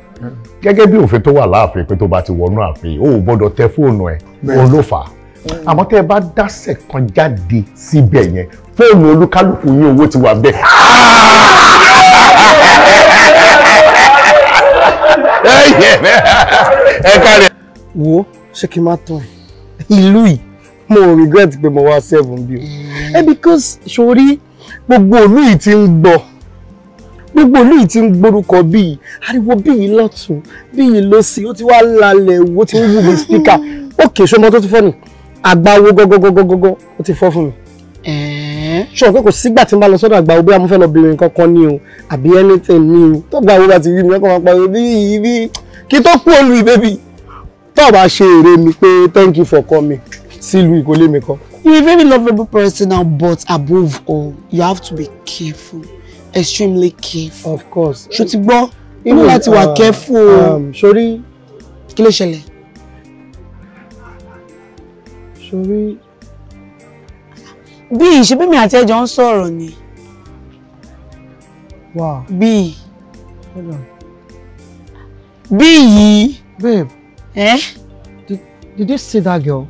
S1: gẹ́gẹ́ bí òfin tó wà láàfin pé tó bá ti wọnú ààfin o ò gbọ́dọ̀ tẹ fóònù ẹ̀ wọn ló fà á àmọ́ tẹ́ ẹ bá dásẹ̀ kan jáde síbẹ̀ yẹn fóònù olúkálùkù yín owó ti wà bẹ́ẹ̀. Ah! ẹ kárẹ̀. wo ṣé kí n má tán ẹ ìlú yìí mo regret pé mo wá seven bí o mm. ẹ because sori gbogbo ìlú yìí ti ń gbọ́ gbogbo ìlú yìí ti ń gbórúkọ bíi ariwo bíi lọ́tún bíi lọ́sì ó ti wá lálẹ́ owó tí ń wù mí spíkà ó kè é ṣọmọ tó ti fọ́ ni àgbáwo gọ́gọ́gọ́gọ́gọ́ ó ti fọ́ fún mi. Eh? ṣọ pé kò sígbà tí n bá lọ sọ́dọ̀ àgbà òbí amúfẹ́ lọ bìnrin kankan ni o àbí anything ni o tọ́gbà òbí àti rí mi ọkọ̀ máa pariwo bí ibi kí tó kú olú ìbébì tó bá ṣe èrè mi pé thank you for coming sílùú ìkólé mi kan. you are very lovable person now but above all you have to be careful extremely careful. of course. ṣùtì gbọ́
S4: inú láti wà uh, careful o. Um,
S1: sori. kí ló ṣẹlẹ̀. sori bí ìṣebími àti ẹjọ ń sọ̀rọ̀ ni. Wow. bí bí yìí. babe. Eh? Did, did you see that girl.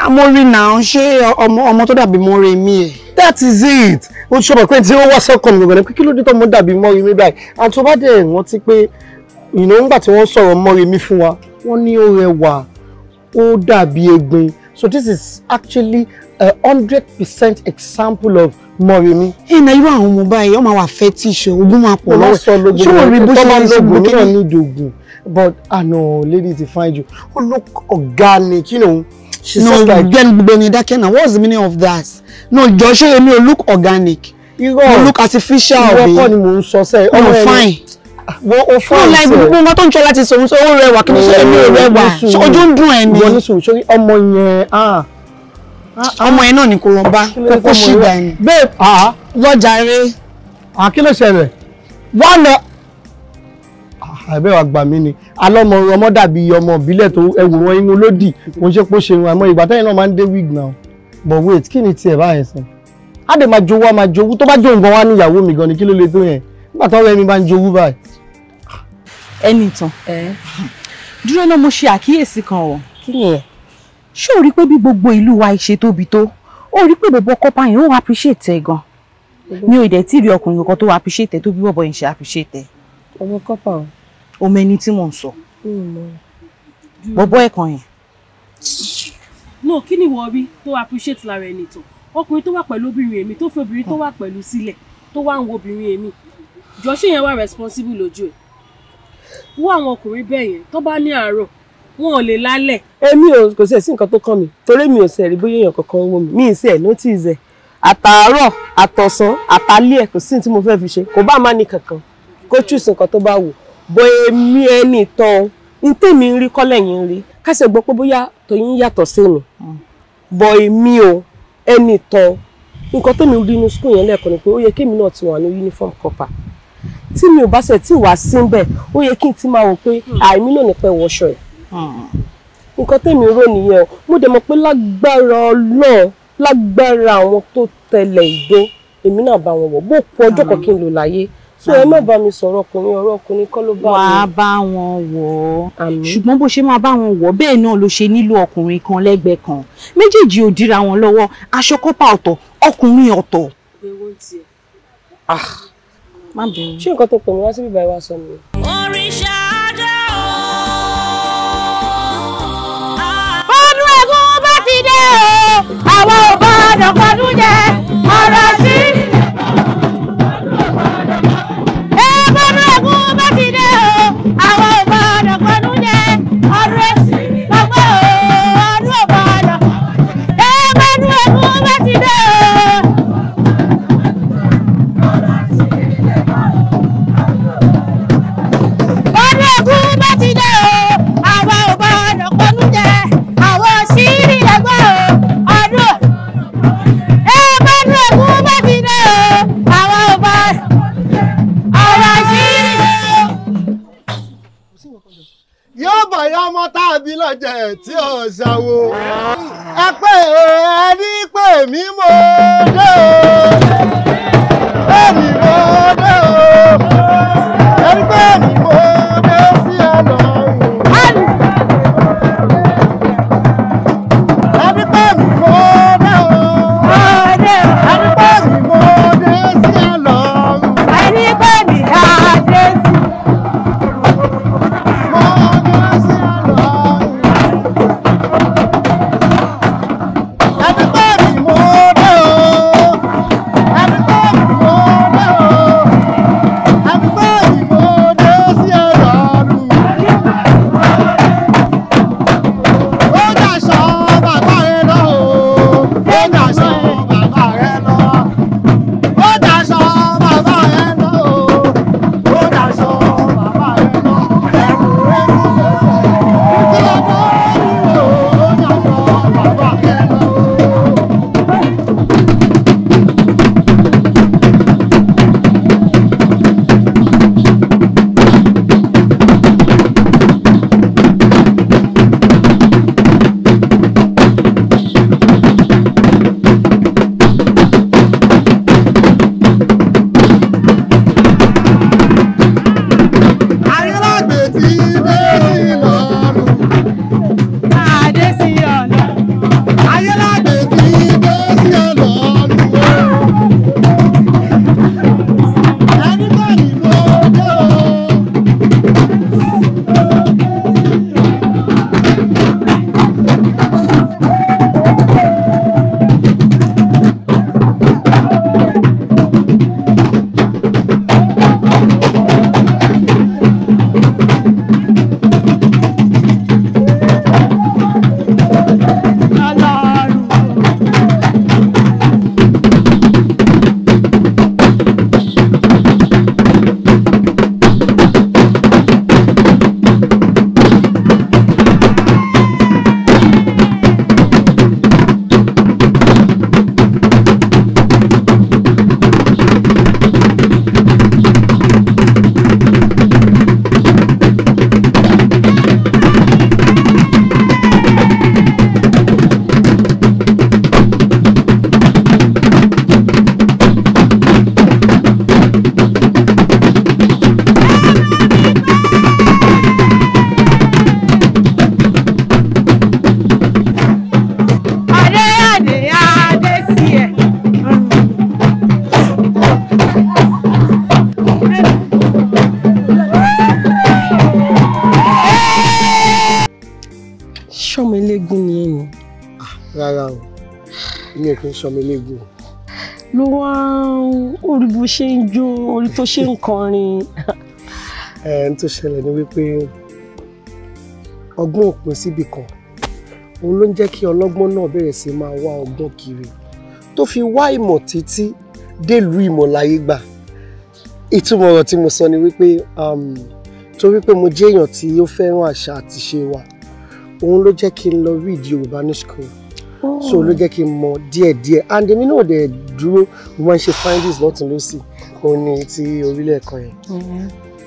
S1: amórí náà ṣé ọmọ ọmọ tó dàbí mọ́rẹ́ mi ẹ̀. that is it o ṣe mọ̀ pé tí ó wá sẹ́kọ̀ọ́ mi gbọ̀ngàn pé kí ló dé tó mọ́ dàbí mọ́rẹ́ mi báyìí àti ó bá dẹ̀ rántí pé ìnáwó ńgbà tí wọ́n sọ̀rọ̀ mọ́rẹ́ mi fún wa wọ́n ní ó rẹwà ó dàbí egbin So this is actually a hundred percent example of Mọ̀rẹ́mi. Hey, na irú àwọn ọmọ báyìí, ọmọ àwọn afẹ́ tí ìṣe ogún máa pọ̀ no, Ṣé wọ́n rí bó ṣe ń sọ gbogbo náà ní ìdògùn? But I ah, know lady ti find you. Oh, Ó look organic, you know. She no, says like. no, gbogbo ẹni dákẹ́ náà, what's the meaning of that? No, jọ ṣé èmi ò look organic. Irọ́ no, look artificial. Irọ́ kọ́ ni mò ń sọ sẹ́yìn. Ọmọ fine wọ́n o fọ́ ọ̀sẹ̀. ọ̀la ìgbìmọ̀ ọmọ tó ń jọ láti sọ̀rọ̀ sọ ó rẹwà kí ni ṣe èmi ò rẹwà ojú ń dùn ẹ̀ ni. wọ́n ní sùn sórí ọmọ yẹn ah. Ah, ah. ọmọ yẹn náà ni kò rọ̀ bá kó kó ṣì dà ní.
S2: babe lọ́jà
S1: rẹ. kí ló ṣẹlẹ̀ wọ́n lọ. àbẹ́ wa gbà mí ni alọ́mọ ọmọ dàbí ọmọ ìbílẹ̀ tó ẹwù wọn inú lódì mo ṣe pé ṣe àmọ́ ìgbà táyìn náà máa ń dé wig now but wait kí ni tiẹ̀ báyẹn sàn. á dẹ̀ máa jowó á máa jowó tó bá jó nǹkan wá níyàwó mi gan ni kí ló le tó yẹn nígbà táwọn bá ń jowú báyìí. ẹnì tán dúró náà mo ṣe àkíyèsí kan o. kí ni ẹ. ṣé o rí i pé bí gbogbo ìlú wa ṣe tóbi tó o rí i pé bọ̀bọ̀ kọ́pá yẹn ó appreciate ẹ gan mi ò dẹ̀ tí ì rí ọkùnrin kan tó appreciate ẹ tó bí bọ̀bọ̀ yẹn ṣe appreciate ọmọ kọ́pà o. ọmọ ẹni tí mò ń sọ. bọ̀bọ̀ ẹ̀kan yẹn. no kí ni wọ́n rí tó appreciate lára ẹni tán ọkùnrin tó wà pẹ̀lú obìnrin èmi tó fi obìnrin tó wà pẹ̀lú sílẹ̀ tó wà ń wo obìnrin èmi jọ ṣé yẹn wà responsible lójú ẹ
S3: wọ àwọn ọkùnrin bẹ́ẹ̀ yẹn tó bá ní àárọ̀ wọn ò lè lálẹ̀.
S1: èmi ò kò sí ẹ̀sìn nǹkan tó kàn mí torí mi ò sẹ̀ rí bóyá èèyàn kankan wọ mi mi ì sẹ̀ notice ẹ̀ àtàárọ̀ àtọ̀sán àtàlẹ́ ẹ̀ kò sí tí mo fẹ́ fi ṣe kò bá má ní kankan kó choose nǹkan tó bá wù bó èmi ẹni tán n tèmi ń rí kọ́lẹ̀ yìí ń rí kásẹ̀ gbọ́ pé bóyá tòyìn yàtọ̀ sí mi bọ̀ èmi o ẹni tán nǹkan tèmi rí inú school yẹn lẹ́ẹ̀kan ni pé ó yẹ kémi náà ti wà ní uniform copper tí mi ò bá ṣe tí wàá sí bẹ́ẹ̀ ó yẹ kí n ti máa wò pé hmm. àìmí ló ní pẹ́ wọṣọ ẹ̀ hmm. nǹkan tèmi rò nìyẹn o mo dẹ̀ mọ̀ pé lágbára ọlọ́ọ̀ lágbára àwọn tó tẹlẹ̀ ìdó èmi náà bá wọn wọ̀ bó pọ̀ ọjọ́ kan kí n lò láyé so ẹ má hmm. bá mi sọ̀rọ̀ ọkùnrin ọ̀rọ̀ ọkùnrin kọ́ ló bá wọn. wàá bá wọn wọ̀ ọ́ ṣùgbọ́n bó ṣe máa bá wọn wọ̀ bẹ́ẹ̀ náà ló ṣe nílò ọkùnrin kan lẹ́gbẹ̀ẹ́ kan méjèèjì ò dira wọn lọ́wọ́ aṣọ kọ́pà ọ̀tọ̀ ọkùnrin ọ̀tọ̀ má bẹ̀rù. ṣé nǹkan tó pè mí wá síbí báyìí wá sọ mi.
S3: oríṣà àjọ.
S5: ọdún ẹ̀gún bá ti dé o àwọn ò bá ọ̀dọ̀kọ̀dún jẹ ọ̀rọ̀ sí.
S1: bàyá ọmọ tàbí lọ́jẹ̀ tí ò
S5: ṣàwò. ẹ pé ẹ ní pè mo dé o pè mo dé o ẹ ní pè mo
S1: sọ mi léegun. ló wá orí bó ṣe ń jó orí tó ṣe ń kọrin. ẹ n tó ṣẹlẹ̀ ni wípé ọgbọ́n òpin síbì kan òun ló ń jẹ́ kí ọlọ́gbọ́n náà bẹ̀rẹ̀ sí máa wá ọgbọ́n kiri tó fi wá ìmọ̀ títí délùú ìmọ̀ láyé gbà ìtumọ̀ ọ̀rọ̀ tí mo sọ ni wípé um, torí pé mo jẹ́ èèyàn tí ó fẹ́ràn àṣà àti ṣe wa òun ló jẹ́ kí n lọ rí ìdí Yorùbá ní school so ló jẹ́ kí n mọ díẹ̀díẹ̀ and èmi náà dẹ̀ dúró mo máa ń ṣe findings lọ́tún lọ́sì òun ni ti orílẹ̀ kan yẹn mm-hmm.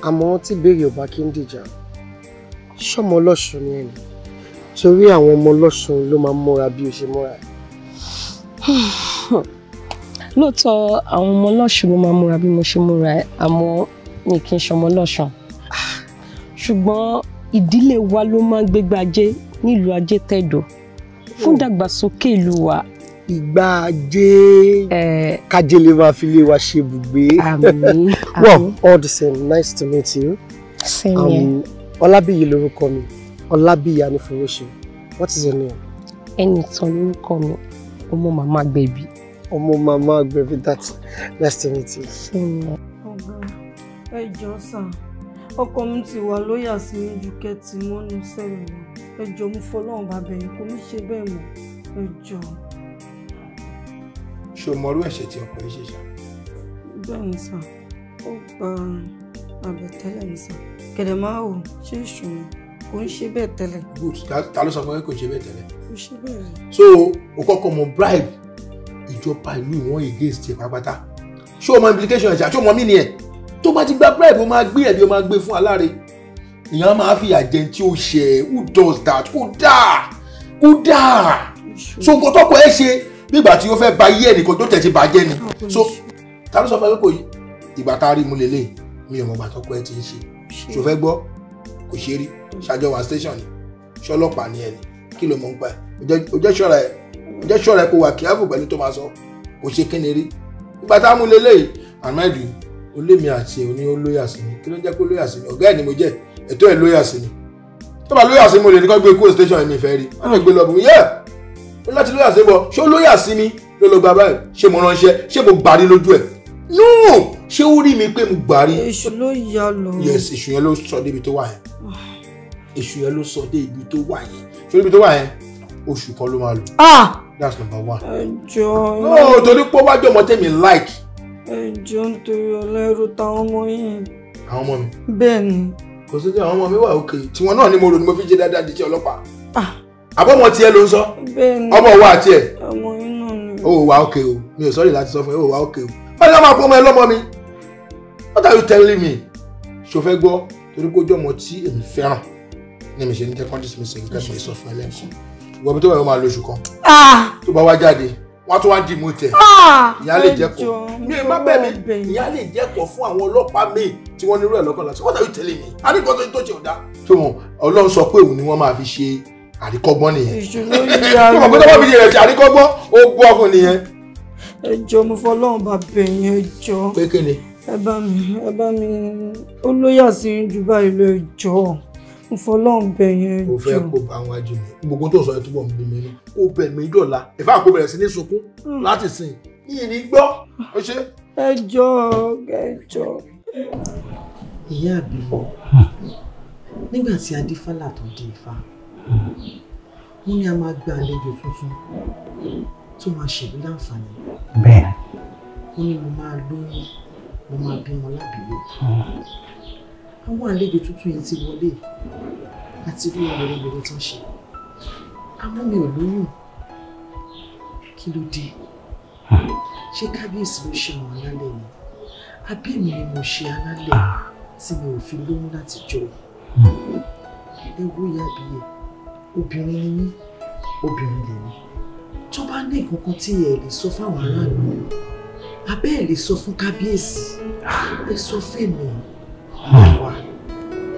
S1: àmọ́ tí béèrè ò bá kí ń dìjà ṣọmọ ọlọ́ṣun ni ẹni torí àwọn ọmọ ọlọ́ṣun ló máa ń múra bí o ṣe múra [SIGHS] lóòótọ́ àwọn ọmọ ọlọ́ṣun ló máa ń múra bí mo ṣe múra ẹ àmọ́ mi kì í ṣọmọ ọlọ́ṣun [SIGHS] ṣùgbọ́n ìdílé wa ló máa ń gbégbá ajé nílùú ajé tẹ̀dọ̀ fún ìdàgbàsókè ìlú wa. ìgbà ajé kájé lè máa fi lé wa ṣe ibùgbé. [LAUGHS] well all the same nice to meet you. same um, here. ọlábíyí lorúkọ mi ọlábíyí anífowóṣe what is your name. ẹnìtàn lorúkọ mi ọmọ màmá gbẹ̀bí. ọmọ màmá gbẹ̀bí that's nice to meet you. same here.
S4: ọgbọ́n ẹ jọ sàn ọkọ
S2: mi ti wà lóyà sí dúkẹ́ tí mo ń sẹ́yìn lọ ẹ jọ̀ọ́ mo fọlọ́run bàbá yẹn kò ní ṣe bẹ́ẹ̀ mọ́ ẹ jọ̀ọ́.
S1: ṣé o mọrú ẹ̀ṣẹ̀ tí ọkọ yìí ṣe ṣá. bẹ́ẹ̀ ni sà ó gba àbẹ̀tẹ́lẹ̀ ni sà kẹ̀dẹ̀ máa wò ṣé ìṣòro kò ń ṣe bẹ́ẹ̀ tẹ́lẹ̀. good ta ló sọ fún ẹ kò ṣe bẹ́ẹ̀ tẹ́lẹ̀.
S4: kò ṣe bẹ́ẹ̀ rẹ̀. so
S1: o kọ́kọ́ mọ bribe ìjọba ìlú ìwọ̀n against ẹ̀ pátápátá ṣé o mọ implication ẹ̀ṣẹ̀ àti o tó bá ti gba bribe o máa gbé ẹ̀bi o máa gbé fún aláre èèyàn máa fi àjẹ tí ó ṣe who does that Who da? Who da? so nǹkan tọkọ ẹ ṣe nígbà tí ó fẹ́ ba iye ẹnìkan tó tẹ̀sí bàjẹ́ ni so ta ló sọ fẹ́ pé kò ìgbà tá a rí mu lélẹ̀ mi ò mọ̀ gbà tọkọ ẹ ti ń ṣe so fẹ́ gbọ́ kò ṣe rí ṣàjọ wà station ni ṣọlọ́pàá ni ẹni kí ló mọ̀ ń pa ẹ̀ ọjọ́ ṣọ́ra ẹ̀ ọjọ́ ṣọ́ra ẹ̀ kó wà kí á fò pẹ̀lú tó máa sọ kò ṣe kíni rí ìgbà tá a mú lélẹ̀ àmọ́ ẹ̀dùn olémi àti òní ó lóyà sí mi kí ló ń jẹ́ pé lóyà sí ọ̀gá ẹ̀ ni mo jẹ́ ẹ̀tọ́ ẹ̀ lóyà sí tó bá lóyà sí mo lè ní kó gbé kúrò station mi fẹ́ rí wọn náà gbé lọ bùn yẹ ó láti lóyà sí bọ ṣé ó lóyà sí ló lọ gba báyìí ṣé mo ránṣẹ́ ṣé mo gbàrí lójú ẹ̀ no ṣé ó rí mi pé mo gbàrí. èṣù ló yà lọ. yes èṣù yẹn ló sọ débi tó wà yẹn èṣù yẹn ló sọ débi tó wà yẹn ṣé débi tó wà yẹn oṣù kan ló máa lò. ah that's number one. ẹjọ. no torí pé wájú ọmọ tẹ̀mí like ẹjọ́ nítorí ọlẹ́rù táwọn ọmọ yìí. àwọn ọmọ mi. Ben. ni. kò sí ti àwọn ọmọ mi wà òkè tiwọn náà ni mo rò ni mo fi jẹ dáadáa di iṣẹ́ ọlọ́pàá. àbọ̀mọ̀ tiẹ̀ ló ń sọ.
S5: bẹ́ẹ̀ ni ọmọ wa tiẹ̀.
S1: ọmọ yín náà ni. o wà òkè o mi ò sọ́ọ̀rì láti sọ fún ẹ o wà òkè o. wọ́n yọ máa pọ́ ọmọ ẹ lọ́mọ mi. what are you telling me? ṣo fẹ́ gbọ́ torí pé ojú ọmọ tí èmi fẹ́ràn ní mi ṣe ní tẹ́kọ́ wọ́n tún wá dì mú tẹ̀. Ah, ìyá lè jẹ́kọ̀ mi ì má bẹ́ẹ̀ mi ìyá lè jẹ́kọ̀ fún àwọn ọlọ́pàá mi tí wọ́n nírú ẹ̀ lọ́kàn láti what are you telling me a ní nǹkan tó ṣe ọ̀dà. tó mọ ọlọ́run sọ pé òun ni wọ́n máa fi ṣe àríkọ́gbọ́n nìyẹn. ìṣòro ìyá rẹ̀ tó mọ̀ pé tọ́wọ́ fi ṣe rẹ̀ ṣe àríkọ́gbọ́n ó gbọ́ ọkùnrin nìyẹn. ẹ jọ̀ọ́ mo fọlọ́run bá bẹ̀ yín ẹ jọ̀ọ́. pé kéde. ẹ bá mi ẹ bá mi ó lóyà sí ju báyìí lọ ẹ jọ̀ọ́ mo fọlọ́run bẹ̀ yẹn jù. o fẹ́ kó bá wọn jù mí gbogbo tó sọ yẹn túbọ̀ ń bí mi ní. o bẹ̀ mí dọ̀la ìfẹ́ àpò bẹ̀rẹ̀ sí ní sunkún hmm. láti sìn ìní gbọ́ ó ṣe. ẹ jọ ẹ jọ. ìyá àbí nígbà tí adífálà tó di ifá wọn ní a máa gba àlejò tuntun tó máa ṣèlú láǹfààní. bẹ́ẹ̀. wọn ní mo máa lóyún mo máa bímọ lábìlẹ. Hmm àwọn àlejò tuntun yìí ti wọlé àti rí obìnrin obìnrin tó ń ṣe àmọ́ mi ò lóyún kí ló dé ah. ṣé kábíyèsí ló ṣe wọn alálẹ̀ ni àbí èmi ni mo ṣe alálẹ̀ ah. tí mi ò fi lóyún láti jọ hmm. ẹ wo ìyá àbíyẹ obìnrin ni mí obìnrin lèmi tó bá ní nǹkan tí ẹ lè sọ fáwọn aráàlú abẹ́ ẹ lè sọ fún kábíyèsí ah. ẹ sọ fún èmi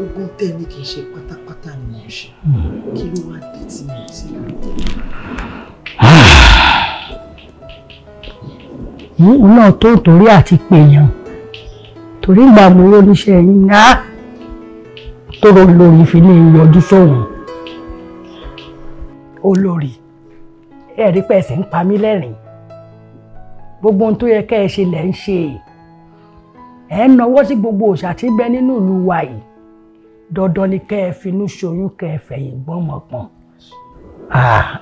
S1: ogun tẹ́ ní ṣe pátápátá ni mo ṣe hmm. kí ló wá dé tí mo ti rà.
S4: yìí náà
S2: tó torí àti pèèyàn torí ìgbà mo ró níṣẹ́ yín ná tóró lórí fi ní yọjú sóhun. olórí ẹ̀rí pẹ̀sì ń pa mí lẹ́rìn gbogbo ohun tó yẹ kẹ́ ẹ ṣe lẹ́ ń ṣe ẹ̀ ń nawọ́ sí gbogbo òòṣà tí ń bẹ nínú ìlú wa yìí
S1: dandan ni kẹ́ ẹ finú ṣoyún kẹ́ ẹ fẹ̀yìn gbọ́mọ pọ̀n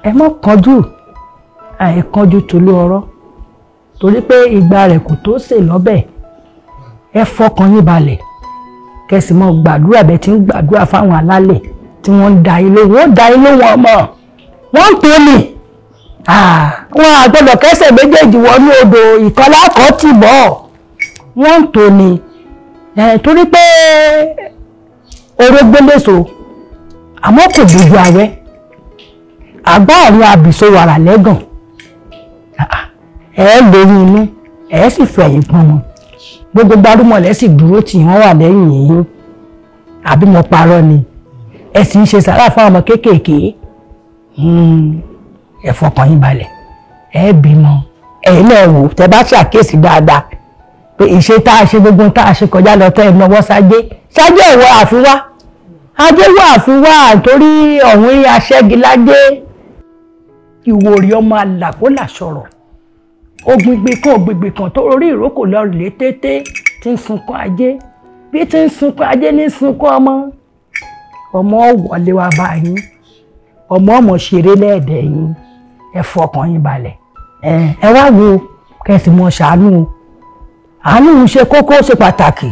S2: ẹ má kánjú àìkánjú tolú ọ̀rọ̀ torí pé ìgbà rẹ̀ kò tó sè lọ́bẹ̀ ẹ fọkàn yín balẹ̀ kẹsì mọ gbàdúrà bẹ́ẹ̀ tí ń gbàdúrà fáwọn alálẹ̀ tí wọ́n ń da ilé wọ́n da ilé wọn ọmọ wọ́n ń tó mi wọn àgbọ́dọ̀ kẹsẹ̀ méjèèjì wọnú odò ìkọlá kan ti bọ̀ wọ́n ń tó ni torí pé orógbéléso àmọ́ kò bójú ààrẹ
S1: àgbáàrin abìso wàrà lẹ́gàn ẹ lóyún inú ẹ sì fẹ̀yìn pọnmọ gbogbo gbárùmọ̀lẹ́ sì dúró tí wọ́n wà lẹ́yìn yìí
S2: àbí mo parọ́ ni ẹ sì ń ṣe sàrà fún ọmọ kéékèèké hmm, ẹ fọkàn yín balẹ̀ ẹ bímọ ẹ̀yin náà wò tẹ bá ṣàkíyèsí dáadáa pé ìṣe tá a ṣe gbogbo tá a ṣe kọjá lọ tẹ́ ẹ náwó ṣáájé ṣáájé ìwọ àfiwá ajé wà àfiwá torí ọ̀hún rí aṣẹ́gi lájé ìwòrì ọmọ àlàkólà sọ̀rọ̀ ògbìngbì kan ògbìngbì kan tó
S1: orí ìrókò lọ lé tété tí ń sunkún ajé bí tí ń sunkún ajé ní sunkún ọmọ ọmọ wọlé wa bá yín ọmọ ọmọ ṣeré lẹ́ẹ̀dẹ̀
S2: yín ẹ fọkàn yín balẹ̀ ẹ wá wo kẹsì mọ ṣàánú o àánú ṣe kókó ṣe pàtàkì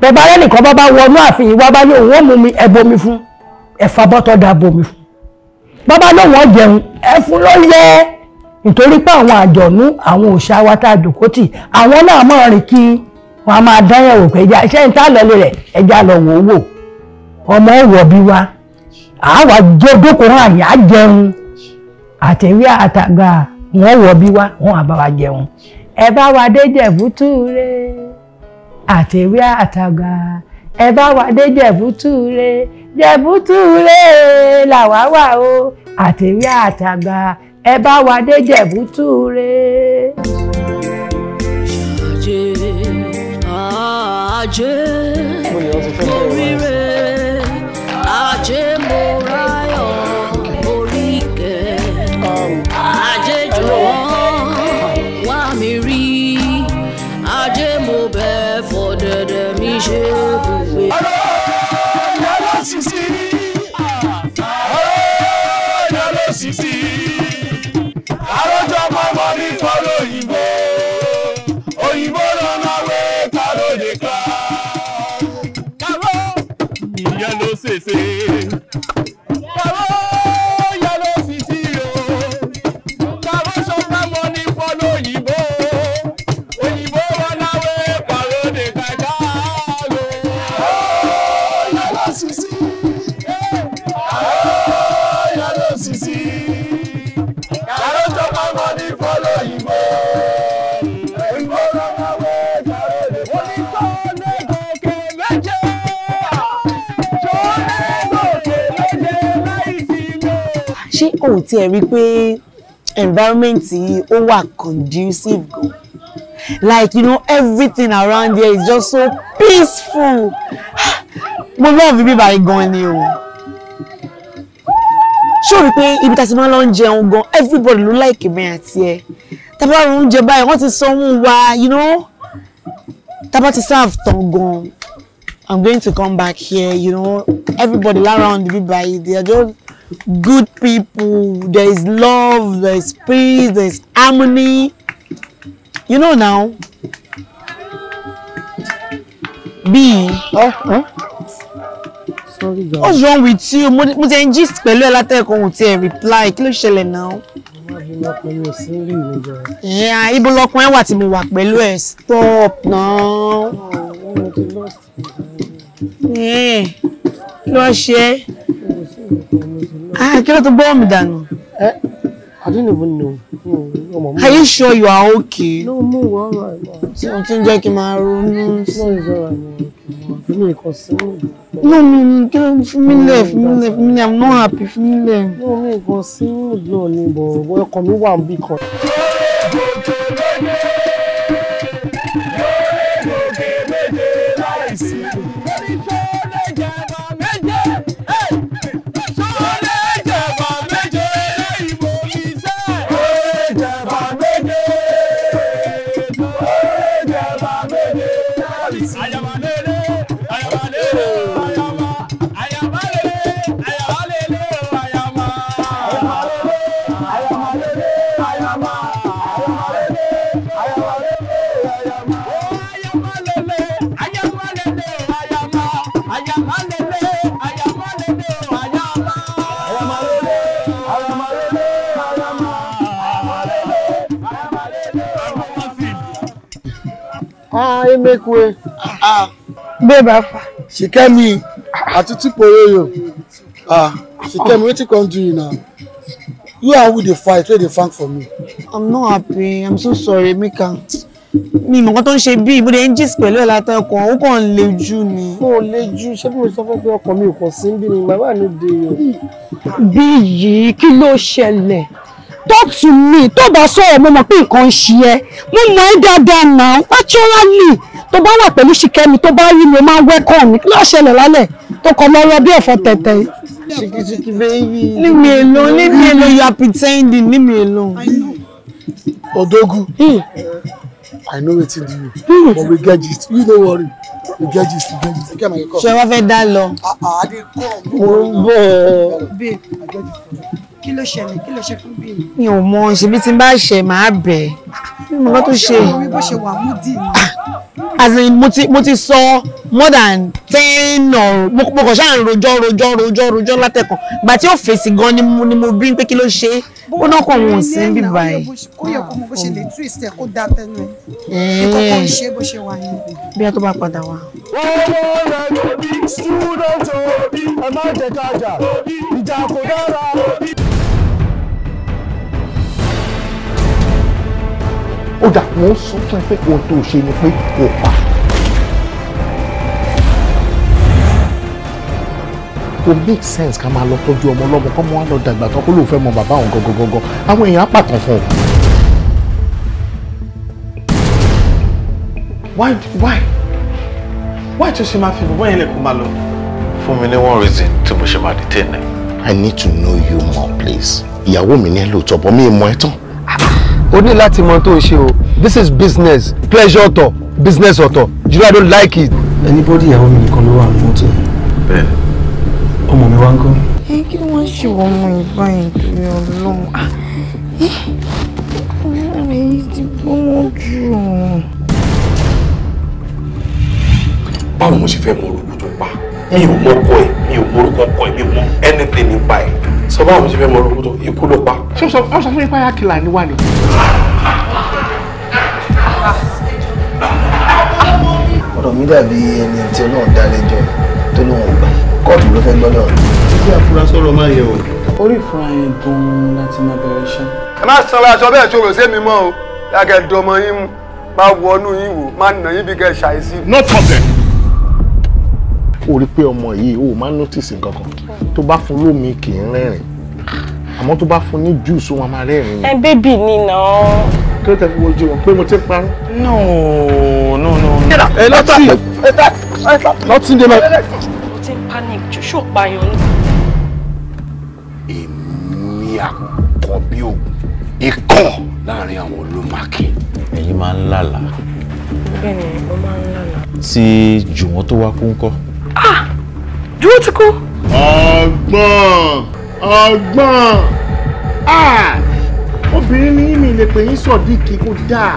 S2: bẹ́ẹ̀ bá rẹ́nìkan bá bá wọnú àfihàn wá bá ní òun ó mú mi ẹ bomi fún ẹ fa bọ́tọ̀ dá bomi fún bàbá lóun ó jẹun ẹ fún ló yẹ nítorí pé àwọn àjọ̀nú àwọn òòṣà wa tá a jòkó tì àwọn náà máa rìn kí wọn a máa dán yẹ̀wò pé ẹja iṣẹ́ níta lọ́lẹ̀ rẹ̀ ẹja lọ wò ó wò
S1: ọmọ ẹ̀wọ̀ bí wa àwa jẹ́ dókòrò àyà jẹun àtẹ̀wé àtàgà wọn wọ̀ bí wa wọn àbá wa jẹun ẹ bá wa dé jẹ̀bútúre àtẹ̀wé àtàgbà ẹ bá wa dé
S2: jẹ̀bútúre jẹ̀bútúre làwa wà o àtẹ̀wé àtàgbà ẹ bá wa dé jẹ̀bútúre.
S3: ṣàjẹ́ àjẹ́ oríire.
S1: tiẹ̀ rí i pé environment yìí ó wà conducive gan like you know everything around here is just so peaceful mo love ibi báyìí gan ni o ṣó rí i pé ibi tá a ti máa lọ ń jẹun gan everybody ló láìkè mẹ́rin àti ẹ̀ tábà rò oúnjẹ báyìí wọ́n ti sanwó wa you know tábà ti serve tán gan I'm going to come back here you know everybody around ibi báyìí they are just good people there is love there is peace there is harmony you know now B, Oh, Sorry, God. What's wrong with you? Mo ti ń gist pẹ̀lú ẹ látẹ̀kọ̀ ohun tí ẹ reply. Kí ló ṣẹlẹ̀ náà? Yeah, ibo lọkùn ẹ wà tí mo wà pẹ̀lú ẹ. Stop now. Kí ah, ló ṣe? Ah, kí ló tó then. Eh? I don't even know.
S4: No, Are you
S1: sure you are okay? No, mo wà right now. Ṣé o ti No jẹ́ kí n No ronú? No, it's No now. No mi No sí. No, mi No kí No fún No lẹ̀ No mi No fún No lẹ̀ No not No fún No lẹ̀. No, mi No sí No ni bọ̀ ọkọ mi wà ń bí kan. Ah, make way. Ah. Babe afa. Shikemi, atutu poroyo. Ah, Shikemi, wetin come do you now? You are who dey fight, where dey thank for me? I'm not happy. I'm so sorry, Mika. Mi mọ̀ nǹkan tó ń ṣe bí ìbúdé ń jíìsì pẹ̀lú ẹ̀ látọ̀ ọkọ̀, ó kàn ń le jù ni. Mo le jù, ṣé bí mo sọ fún pé ọkọ mi ò kàn sí bí ni, bàbá mi dè é. Bí yìí, kí ló ṣẹlẹ̀?
S2: talk to me tó bá sọ̀rọ̀ mo mọ̀ pé nǹkan ń ṣe ẹ́ mo mọ̀ ẹ́ dáadáa náà naturally tó bá wà pẹ̀lú ṣìkẹ́mi tó bá rí mi ó máa ń welcome mi kí ló ṣẹlẹ̀ lálẹ́ tó kọ lọ́rọ́ bí ẹ̀fọ́ tẹ̀tẹ̀
S1: yìí. leave me alone leave me alone you are pretending leave me alone. odogu i know hmm. wetin do you hmm. but we get gist you no worry we get gist we get gist. ṣé wọ́n fẹ́ dá lọ.
S5: Ah, ah, mo ń bọ̀ kí ló ṣẹlẹ̀ kí ló ṣe fún bí
S1: mi. mi ò mọ ṣèbí tí n bá ṣe màá bẹ mi mọ nǹkan tó ṣe. mo rí bó ṣe
S5: wà múdì ni.
S1: as in mo ti mo ti sọ more than ten or mo kàn ṣáà ń rojọ́ rojọ́ rojọ́ rojọ́ látẹ̀kàn gbà tí ó fèsì gan ni mo bí pé kí ló ṣe é O no kàn wọ́n sí bí báyìí. ó yẹ kó mọ bó ṣe lè ah. tú ìsẹ̀ kó dá tẹnu
S2: ẹ̀ ìkọ̀kọ̀ ń eh. ṣe
S5: bó ṣe wà yẹn.
S2: bí a tó bá padà wá.
S5: owó rẹ̀ lóbi student obi ẹ má jẹ ká jà ìjà kò dára.
S1: ó dà wọ́n sọ fún ẹ pé ohun tó ṣe ni pé kò pa. kò make sense ká máa lọ tọ́jú ọmọ ọlọ́mọ kọ́ mọ́ wá lọ dàgbà tán kó lóun fẹ́ mọ bàbá òun gangan àwọn èèyàn á pàtàn fún un. why why why tó ṣe máa fi bọ́ yẹn lè kó máa lọ. fún mi ní one reason tí mo ṣe máa detain ẹ. i need to know you more please. ìyàwó mi ní ẹ lóòótọ́ bọ́ mi ì mọ ẹ tán. o ní láti mọ tó ń ṣe o this is business pleasure ọ̀tọ̀ business ọ̀tọ̀ you i don't like it. anybody ìyàwó mi nìkan ló wà ní mọ́tò. bẹ́ẹ̀ni ọmọ mi wá ń kọ́.
S5: ẹ kí ló wọ́n ṣe wọ́n mọ ìbá yẹn torí ọlọ́run ah, ọmọ rẹ yìí ti gbọ́mọ jù ọ́.
S1: báwo mo ṣe fẹ́ mọ orúkọ tó pa mi ò mọkọ ẹ mi ò mọrúkọ ọkọ ẹ mi mọ anything nípa ẹ sọ báwo mo ṣe fẹ́ mọ orúkọ tó ikú ló pa. ṣé o sọ fún mi pé ayákìlá ni wà ní. ọ̀rọ̀ mi dàbí ẹni tí ọlọ́run dá lẹ́jọ́ tó lóun gbà kóòtù ló fẹ́ gbọ́dọ̀. títí àfúrásọ ọ̀rọ̀ máa yẹ o. orí ìfura yẹn gan-an láti máa bẹ̀rẹ̀ iṣẹ́. ẹ má sanra aṣọ bẹ́ẹ̀ ṣòro sí mọ́ o yàgẹ̀ dọmọ yín mu máa wọnú yín wò máa nà yín bí kẹ́ ẹ ṣàìsí. no problem. o rí pé ọmọ yìí o máa notice nǹkan tó bá fún lómi kì í rẹ́rìn àmọ́ tó bá fún ní juice wọn máa rẹ́rìn. ẹ bébì ni nà ọ́. kí ló tẹ fi wojú wọn pé mo ti parọ́. no no no. ẹ lọ́tà ẹ lọ́tà lọ́tà
S2: panic jù ṣó pààyàn ni. èmi àkọ́
S1: bí oògùn ikọ̀ láàrin àwọn olómàkì. ẹ̀yin máa ń lálà. bẹ́ẹ̀ni mo máa ń lálà. tí jùwọ́n tó wá kú ń kọ́.
S5: ah jùwọ́n ti kú. ọgbọ́n ọgbọ́n
S1: ah obìnrin ni mi lè pè yín sọ̀dí kí dáa.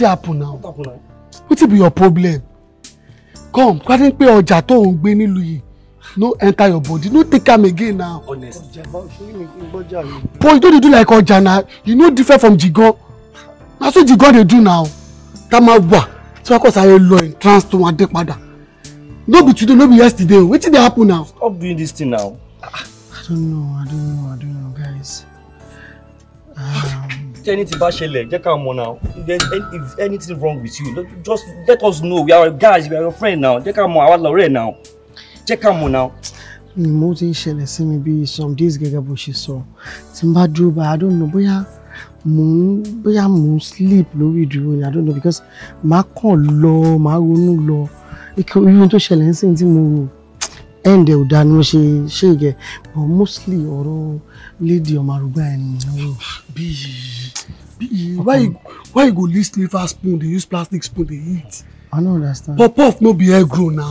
S1: wetin happen now wetin be your problem come kwadi pé ọjà tó ń gbé nílùú yìí no enter your body no take am again now. Honest. Boy, don't you do like ọjà na you no different from jigan na so jigan they do now tá máa so tí wọn kọ sáré lọ entrance to wọn dé padà no be today no be yesterday o wetin dey happen now. stop doing this thing now. i don't know i don't know i don't know guys. Um, tí anything bá ṣẹlẹ̀ jẹ́ ká now if there is anything wrong with you just let us know we are guys we are your friend now jẹ́ ká mọ̀ àwa lọ́rẹ́ now jẹ́ ká mọ̀ now. mo ti ń ṣẹlẹ̀ mi bíi some days gẹ́gẹ́ bó ṣe sọ tí n bá dúró i don't know Boya, mo boya, mo sleep lórí ìdúró i don't know because màá kàn lọ màá ronú lọ irun tó ṣẹlẹ̀ ń sìn tí mo rò end ẹ̀ ò dáa ni mo ṣe ṣe ìgẹ̀ but mostly ọ̀rọ̀ lady ọmọ arúgbó ẹ̀ ni mo rò. bíi bíi why you, why you go leave silver spoon dey use plastic spoon dey eat. i no understand. puff puff no be egg roll na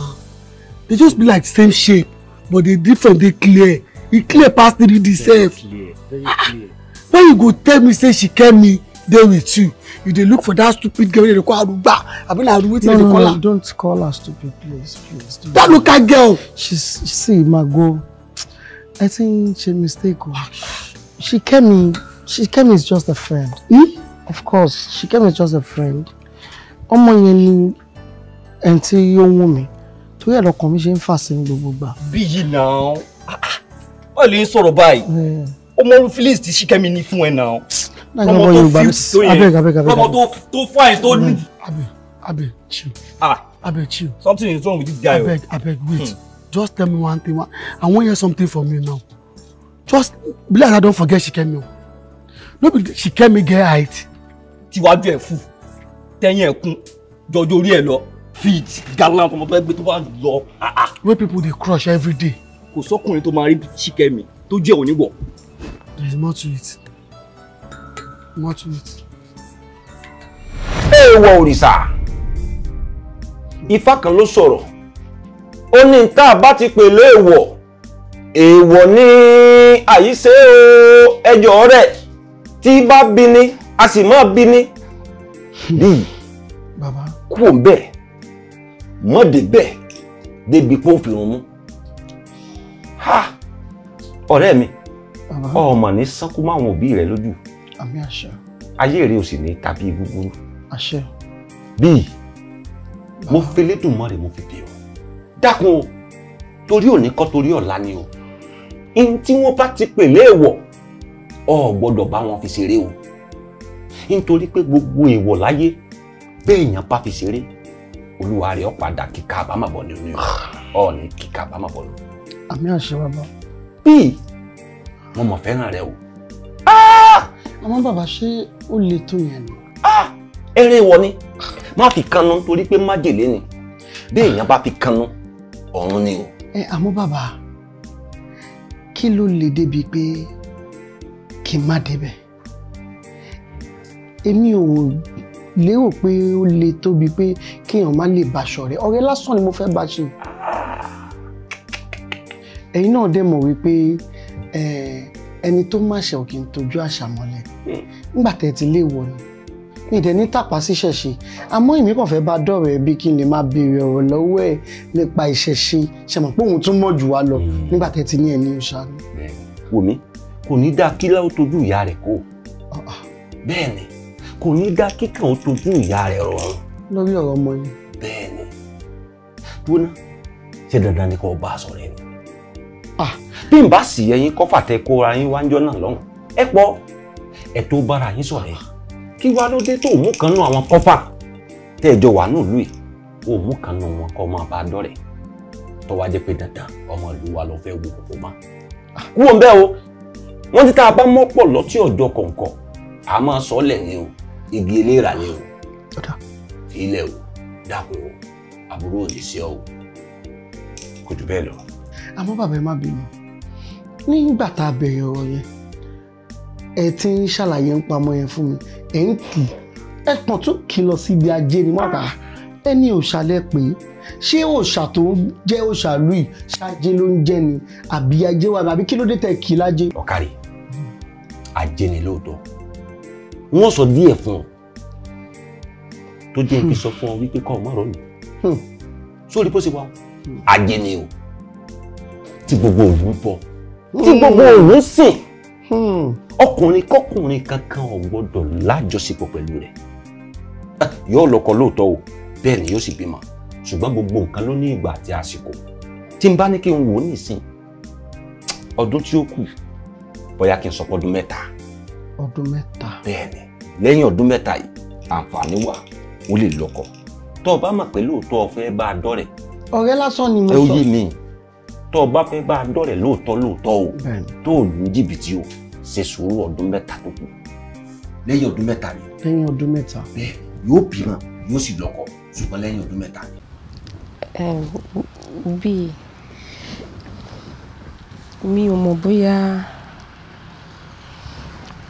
S1: They just be like same shape but dey different dey clear e clear pass 3D sef. why you go tell me say she kẹ́ me? dey with you you dey look for that stupid girl wey dey call arugba abi na aru wetin dey call her. no no don't call her stupid
S5: please please. Don't. that local girl.
S1: she see ma go i think she mistake o oh. she kemi she kemi is just a friend. Hmm? of course she kemi is just a friend ọmọ yẹn ni ẹni tí yóò wù mí torí ẹ̀ lọkàn mi ṣe ń fà sí gbogbo gbà. bí náà ó ah, ah. lè sọ̀rọ̀ báyìí ọmọ phyllis ti ṣíkẹ́mi ní fún ẹ náà. ọmọ tó fit tó yẹn ọmọ tó fine tó ní. abeg chill. ah abeg chill. something is wrong with this guy. abeg abeg wait hmm. just tell me one thing i wan hear something from you now just be like i don forget ṣíkẹ́mi o no be ṣíkẹ́mi get height. tiwájú ẹ̀ fún tẹ́yìn ẹ̀ kún jọjọ orí ẹ̀ lọ fit gallant ọmọ tó ẹgbẹ́ tó bá lọ. Ah, ah. wey people dey crush every day. kò sọ́kùnrin tó máa rí ṣíkẹ́mi tó jẹ́ òníwọ̀
S4: There is more to it. More to
S1: it. Èèwọ̀ òrìṣà. Ifá kan ló sọ̀rọ̀. Ó ní nǹkan àbá ti pè léèwọ̀. Èèwọ̀ ní àyíṣe o ẹjọ́ rẹ̀ tí bá bí ni a sì máa bí ni. Bíi bàbá kú òun bẹ́ẹ̀ mọ́dé bẹ́ẹ̀ débi pé ó fi Ha! Ọ̀rẹ́ mi ọmọ ní sánkú mọ́ àwọn òbí rẹ lójú àmín àṣẹ ayé rẹ ò sì ní tàbí gbúgbúrú àṣẹ bíi mo fi Elédùmarè mo fi bẹ̀ ọ́ dákun o torí òní kọ́ torí ọ̀la ni o ihun tí wọ́n bá ti pè léèwọ̀ ọ gbọ́dọ̀ bá wọn fi ṣeré o nítorí pé gbogbo èèwọ̀ láyé béèyàn bá fi ṣeré olúwa rẹ̀ ó padà kíkà àbámọ̀bọ̀ ni ah. ó ní ọ ní kíkà àbámọ̀bọ̀ ni. àmì àṣẹ bàbá. bíi mo mọ̀ fẹ́ràn rẹ o. Ah! àmọ́ bàbá ṣé ó le tó yẹn ni. Ah! eré wọ ni má fi kanú torí pé májèlé ni bí èèyàn bá fi kanú ọ̀run ni o. ẹ àmọ́ bàbá kí ló lè débi pé kí n má débẹ̀ èmi ò lérò pé ó le tóbi pé kéèyàn má lè bàṣọ rẹ ọ̀rẹ́ lásán ni mo fẹ́ bá ẹ̀yin náà dẹ̀ mọ̀ wípé ẹni tó máṣe ò kí n tójú àṣà mọ́lẹ̀ hmm. nígbà tẹ́ ti lè wọ ni mi dẹ̀ ní tàpá sí ṣẹ̀ṣe àmọ́ èmi kàn fẹ́ bá dọ̀rọ̀ ẹbí kí n lè máa béèrè ọ̀rọ̀ lọ́wọ́ ẹ̀ nípa ìṣẹ̀ṣe ṣẹ̀mọ̀ pé òun tún mọ̀ jù wá lọ hmm. nígbà tẹ́ ti ní ẹni òṣà ni. wò mí kò ní dá kí láwọn tójú ìyá rẹ̀ kó ah, ah. bẹ́ẹ̀ ni kò ní dá kíkàn tójú ìyá rẹ̀ rọrùn. lórí ọ̀rọ̀ ọmọ yẹn. bẹ́ẹ̀ ni wọnà ṣé dandan ni kò bá a sọ̀rọ̀ ẹni bí n bá sì ẹyin kọ́fà tẹ kóra yín wájọ́ náà lọ́hùn ẹ pọ̀ ẹ bára yín sọ̀rẹ́ kí wá ló dé tó mú kan nú àwọn kọ́fà tẹ́ ẹjọ́ wà nù lùi ó kan nú wọn kọ́ máa bá dọ́rẹ̀ tó wá jẹ́ pé dandan ọmọ ìlú wa lọ fẹ́ wo kókó má. kúrò ń bẹ́ o wọ́n ti tá a bá mọ́pọ̀ lọ́tí ọ̀dọ́ kọ̀ọ̀kan a máa sọ ọ́ lẹ̀ o igi eléra ni o ilẹ̀ o dàpọ̀ o àbúrò ò ní o kò jù bẹ́ẹ̀ lọ. àmọ́ bàbá ẹ má bínú nígbà tá a bẹ̀rẹ̀ ọ̀rọ̀ yẹn ẹ ti ń ṣàlàyé ń pamọ́ yẹn fún mi ẹ ń kì í ẹ pọ̀n tó kì í lọ síbi ajé ni wọ́n kà á ẹni òòṣà lẹ pé ṣé òòṣà tó ń jẹ́ òòṣà lùí ṣáájé ló ń jẹ́ ni àbí ajé wa àbí kí ló dé tẹ̀ kì í lájé. ọ̀kàrí ajé ni lóòótọ́ wọ́n sọ díẹ̀ fún ọ tó jẹ́ ibi sọ fún ọ wípé kọ́ ọ má rọ̀ hmm. sórí pósí wa hmm. ajé ni o tí gbogbo òlú bọ̀ tí hmm. gbogbo òun sìn hmm. ọkùnrin kọkùnrin kankan ò gbọdọ̀ lájọṣepọ̀ pẹ̀lú ah, yóò lọ́kọ lóòótọ́ o bẹ́ẹ̀ ni yóò sì bímọ ṣùgbọ́n gbogbo nǹkan ló ní ìgbà àti àsìkò tí n bá ní kí n wò ó nìsín ọdún tí ó kù bóyá kí n sọ pé ọdún mẹ́ta.
S4: ọdún mẹ́ta. bẹ́ẹ̀ ni
S1: lẹ́yìn ọdún mẹ́ta yìí àǹfààní wà ó lè lọ́kọ tó o bá mọ̀ pé lóòótọ́ ọ fẹ́ bá a dọ́rẹ̀. ọ̀rẹ́ lásán ni mo sọ. ẹ ó yé mi tó o bá fi bá a dọ̀rẹ̀ lóòótọ́ lóòótọ́ o tó o lu jìbìtì o ṣe sùúrù ọdún mẹ́ta tó kù lẹ́yìn ọdún mẹ́ta ni. lẹ́yìn ọdún mẹ́ta. bẹ́ẹ̀ yóò bímọ yóò sì lọ́kọ ṣùgbọ́n lẹ́yìn ọdún mẹ́ta ni. ẹ bíi mi ò mọ̀ bóyá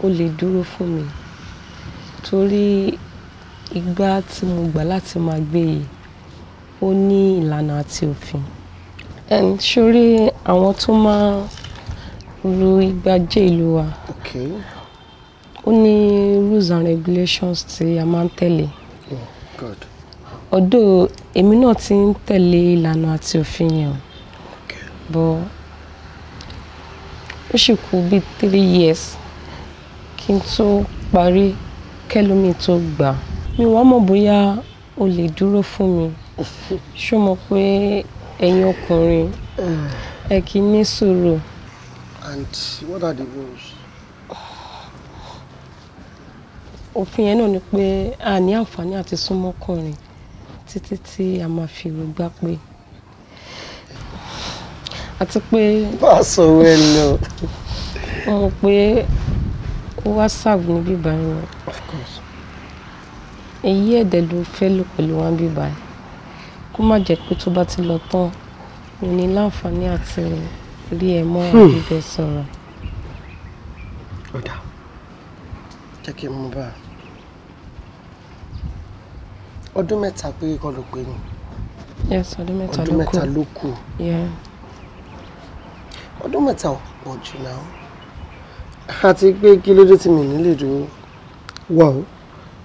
S1: o lè dúró fún mi torí ìgbà tí mo gbà láti máa gbé e ó ní ìlànà àti òfin sórí àwọn tó máa
S2: ru ìgbàjẹ́ ìlú wa ó ní rules and regulations tí a máa ń tẹ̀lé ọ̀dọ̀ oh, èmi náà
S1: ti ń tẹ̀lé ìlànà àti òfin yẹn bọ́ ó sì kú bíi three years kí n tó parí kẹlómi tó gbà mi wọ́n mọ̀ bóyá o lè dúró fún mi [LAUGHS] ṣó mọ̀ pé ẹ̀yin ọkùnrin ẹ kì í ní sùúrù. and what are the rules? òfin yẹn náà ni pé a ní àǹfààní àti súnmọ́ ọkùnrin títí tí a máa
S2: fi ìlú gbá pé àti pé. bá a sọ wẹ́lẹ̀ o. mo mọ̀ pé ó wá ṣàbù níbí báyìí.
S3: of course. èyí ẹ̀dẹ̀ ló fẹ́ lò pẹ̀lú wọn bíbáyìí kó má jẹ́ pé tó bá ti lọ tán mi ní láǹfààní àti rí ẹ mọ́ hmm. àbíbẹ̀ sọ̀rọ̀.
S2: ọ̀dà jẹ́ kí n mú bá a
S1: ọdún mẹ́ta pé kọ́ ló pé mi.
S3: yes ọdún mẹ́ta ló kù ọdún mẹ́ta ló kù.
S1: ọdún mẹ́ta ò pọ̀ jù náà àti pé kí ló dé tí mi nílè dúró wọ́n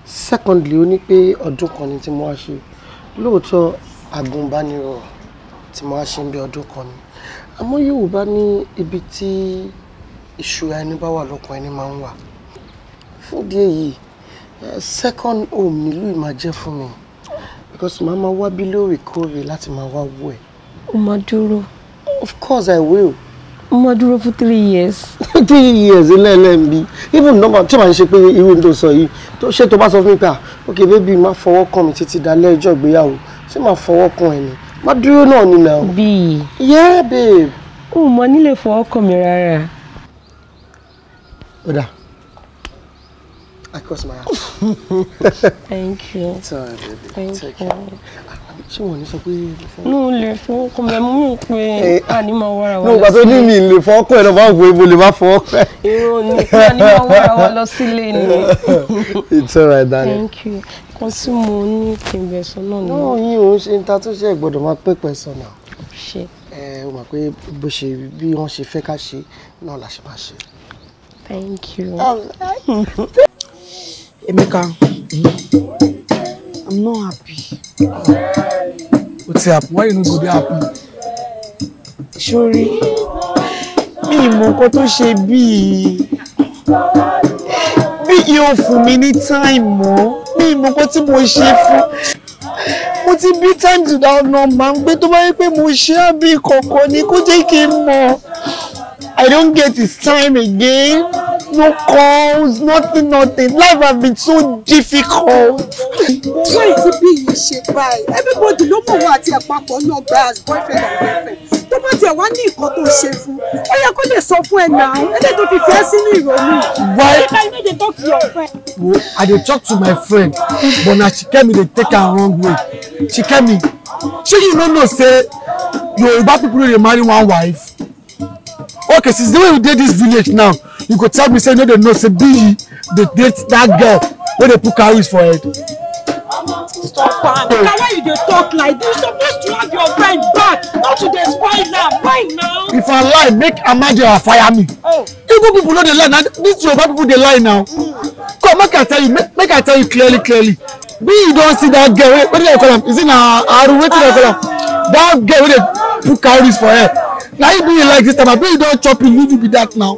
S1: secondly ó ní pé ọdún kan ni tí mo wá ṣe lóòótọ́ agúnbánirọ̀ tí mo wá ṣe ń bí ọdún kan ni àmọ́ Yorùbá ní ibi tí ìṣúra ẹni bá wà lọ́kàn ẹni máa ń wà fún ìdí èyí second home nílùú ìmàjẹ́ fún mi because màá máa wá bí lóòrèkóòrè láti máa wá wú ẹ̀. o máa dúró. of course i will. o máa dúró fún three years. [LAUGHS] three years lẹ́lẹ́mí even number tí màá ń ṣe pé irú tó sọ yìí ṣé tó bá sọ fún mi pé ah ok baby má fọwọ́ kàn mí títí dalẹ́ ọjọ́ ìgbéyàwó ṣé màá fọwọ́ kan ẹ̀ ni má dúró náà ni náà. bíi. yeah babe. o mọ nílé fọwọ́ kan mi rárá. ó I cross my heart. [LAUGHS] Thank you. It's all baby. Thank you. Ah, ṣé wọ́n ní sọ pé lè fọ́? Nù lè fọwọ́ kan mi, mú mi pé àní [LAUGHS] eh, máa wára wa lọ sílé. Nù gbà tó ní mi lè fọwọ́ kan ẹ̀ lọ bá wò ibo lè má fọwọ́ kan. Èrò ni àní máa wára wa lọ sílé ni. [LAUGHS] It's alright, right, darling. Thank you nǹkan tí mo ní kí ni. náà yín òun ṣe ń ta tó ṣe gbọ́dọ̀ máa pé pẹ́ ṣe. ẹ o mọ̀ pé bó ṣe bí wọ́n ṣe fẹ́ ká ṣe náà la ṣe máa ṣe. thank you.
S5: Um, [LAUGHS] Emeka eh, i'm not
S1: happy. wetin happen why you no go dey happy. sori mi ìmọ̀ nǹkan tó ṣe bíi bíi yóò fún mi ní táìmù pé ìmọ̀kọ́ tí mo ṣe fún mo ti bí táǹtì ọ̀nà máa ń gbé tó bá yẹ pé mo ṣe á bí kọ̀ọ̀kan ni kó jẹ́ kí n mọ̀ I don't get his time again no calls, nothing, nothing. Life has been
S5: so difficult. Why is it being you ṣe báyìí? Everybody ló more what you àpapọ̀ náà gba as boyfriend and girlfriend. Tó bá tiẹ̀ wá ní nǹkan tó ṣe fún, ó yẹ kó lè sọ fún ẹ náà. Ẹlẹ́yìn tó fi fẹ́ Why? Why you no talk to your
S4: friend?
S1: I dey talk to my friend but now she came Chikemi dey take am wrong way. She came Chikemi, shey you no know say Yoruba people no marry one wife? okay since the way we dey this village now you go tell me say no dey know say Biyi dey date that girl wey dey put carries for head. stop am na why you dey talk like this you suppose to have your friend back not to dey spoil am why now. if i lie make amadiora fire me oh. igbo people no dey lie na this yoruba people dey lie now mm. come make i tell you make, make i tell you clearly clearly you don see that girl wey dey call am is it na aru wetin dey call am. Ah that girl wey dey put calories for her. na him be like this time abi you don chop him leave you be that now.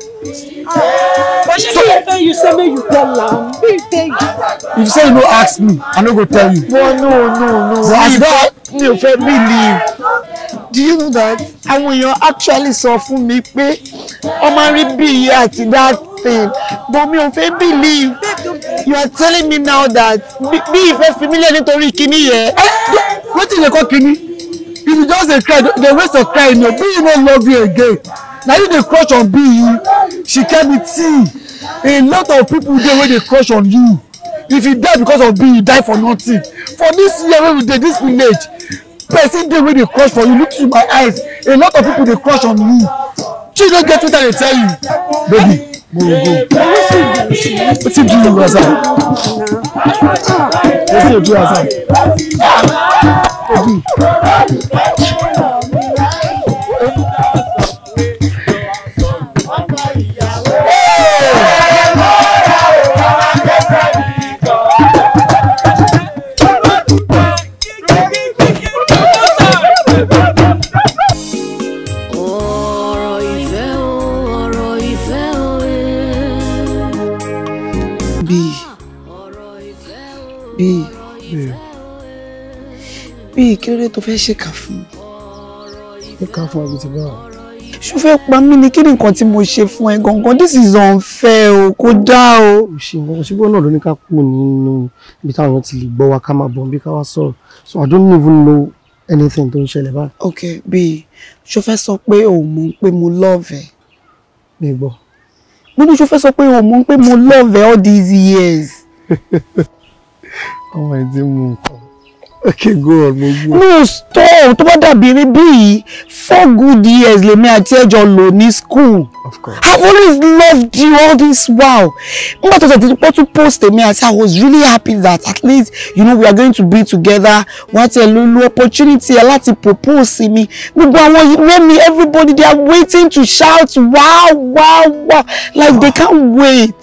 S5: but shey you say make you tell am make you you. if you say you no ask me i no go tell you. no no no no as you don
S1: mi ò fẹ́ mi leave do you know that àwọn èèyàn actually sọ fún mi pé ọmọ rí bí iye àti that thing but mi ò fẹ́ believe you are telling me now that bí ìfẹ́ fi mí lẹ́ nítorí kíní yẹn. wetin dey call kíní if you just dey cry the waste of crying no be you no love you again na you dey crush on Biyi she get me tea a lot of people dey wey dey crush on you if you die because of Biyi you die for nothing for this year wey we dey this village person dey wey dey crush for you look through my eyes a lot of people dey crush on you shey no get wetin
S5: i dey tell you baby gbòǹgbò wetin do you razan wetin you do razan obi.
S1: bíi bíi kí ló dé tó fẹ́ ṣèkà fún mi. ṣèkà fún ẹbí ti bá wa. ṣó fẹ́ pa mí ni kí ni nǹkan tí mo ṣe fún ẹ gangan this is unfair o kò dáa o. òṣìwọ́n òṣìwọ́n náà ló ní ká kú nínú ibi táwọn ti lè gbọ́ wa ká máa bọ̀ bí ká wá sọ̀rọ̀ so I don't even know anything tó ń ṣẹlẹ̀ báyìí. ok bíi ṣó fẹ́ sọ pé òun mọ̀ pé mo love ẹ. mi gbọ́. mo ní ṣó fẹ́ sọ pé òun mọ̀ pé mo love ẹ all these years. [LAUGHS] ọmọ ẹ ti mú nǹkan okay go on mo gbọ́. no stop tó bá dàbí eré bíi four good years lèmi àti ẹjọ lò ní school of course i've always loved you all this while nígbà tó tẹ̀sí pọ́ tún post èmi àti i was really happy that at least you know we are going to be together wọ́n ti ẹ̀ ló lo opportunity ẹ̀ láti propose sí mi gbogbo àwọn ìwé mi everybody they are waiting to shout wow wow wow like they can't wait.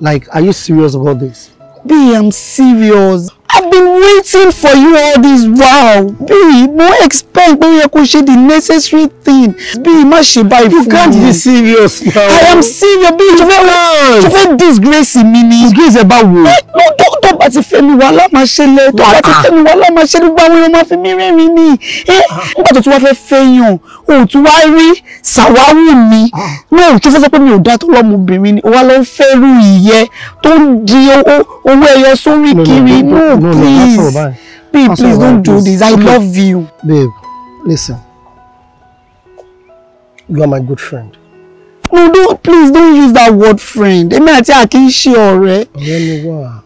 S1: like are you serious about this. Babe, I'm serious. I've been waiting for you all this while. Bí mo expect pé ó yẹ kó ṣe the necessary thing. Bí má ṣe báyìí fún You can't be serious now. I am serious. Bí You fẹ́ ṣe fẹ́ disgrace mi ni. Disgrace ẹ bá
S5: wò. Eh, tó bá ti fẹ́ mi wá láma ṣẹlẹ̀. Tó bá ti fẹ́ mi wá láma ṣẹlẹ̀. Gbogbo àwọn èèyàn máa fi mí rẹ́rìn-ín ni. Eh, nígbà tó tún wá fẹ́ fẹ́yàn, o tún wá rí ṣàwáwù
S1: mi. Mi ò tún fẹ́ sọ pé mi ò dá tó lọ́mọbìnrin ni. Wá lọ fẹ́ rú ìyẹ́ tó ń di owó ẹyọ sórí kiri. No no, no, please. No, babe, please right, don't do this. I okay. love you. Babe, listen. You are my good friend. No, don't, please don't use that word friend. Èmi àti a kì í ṣe ọ̀rẹ́. Ọ̀rẹ́ ni wá.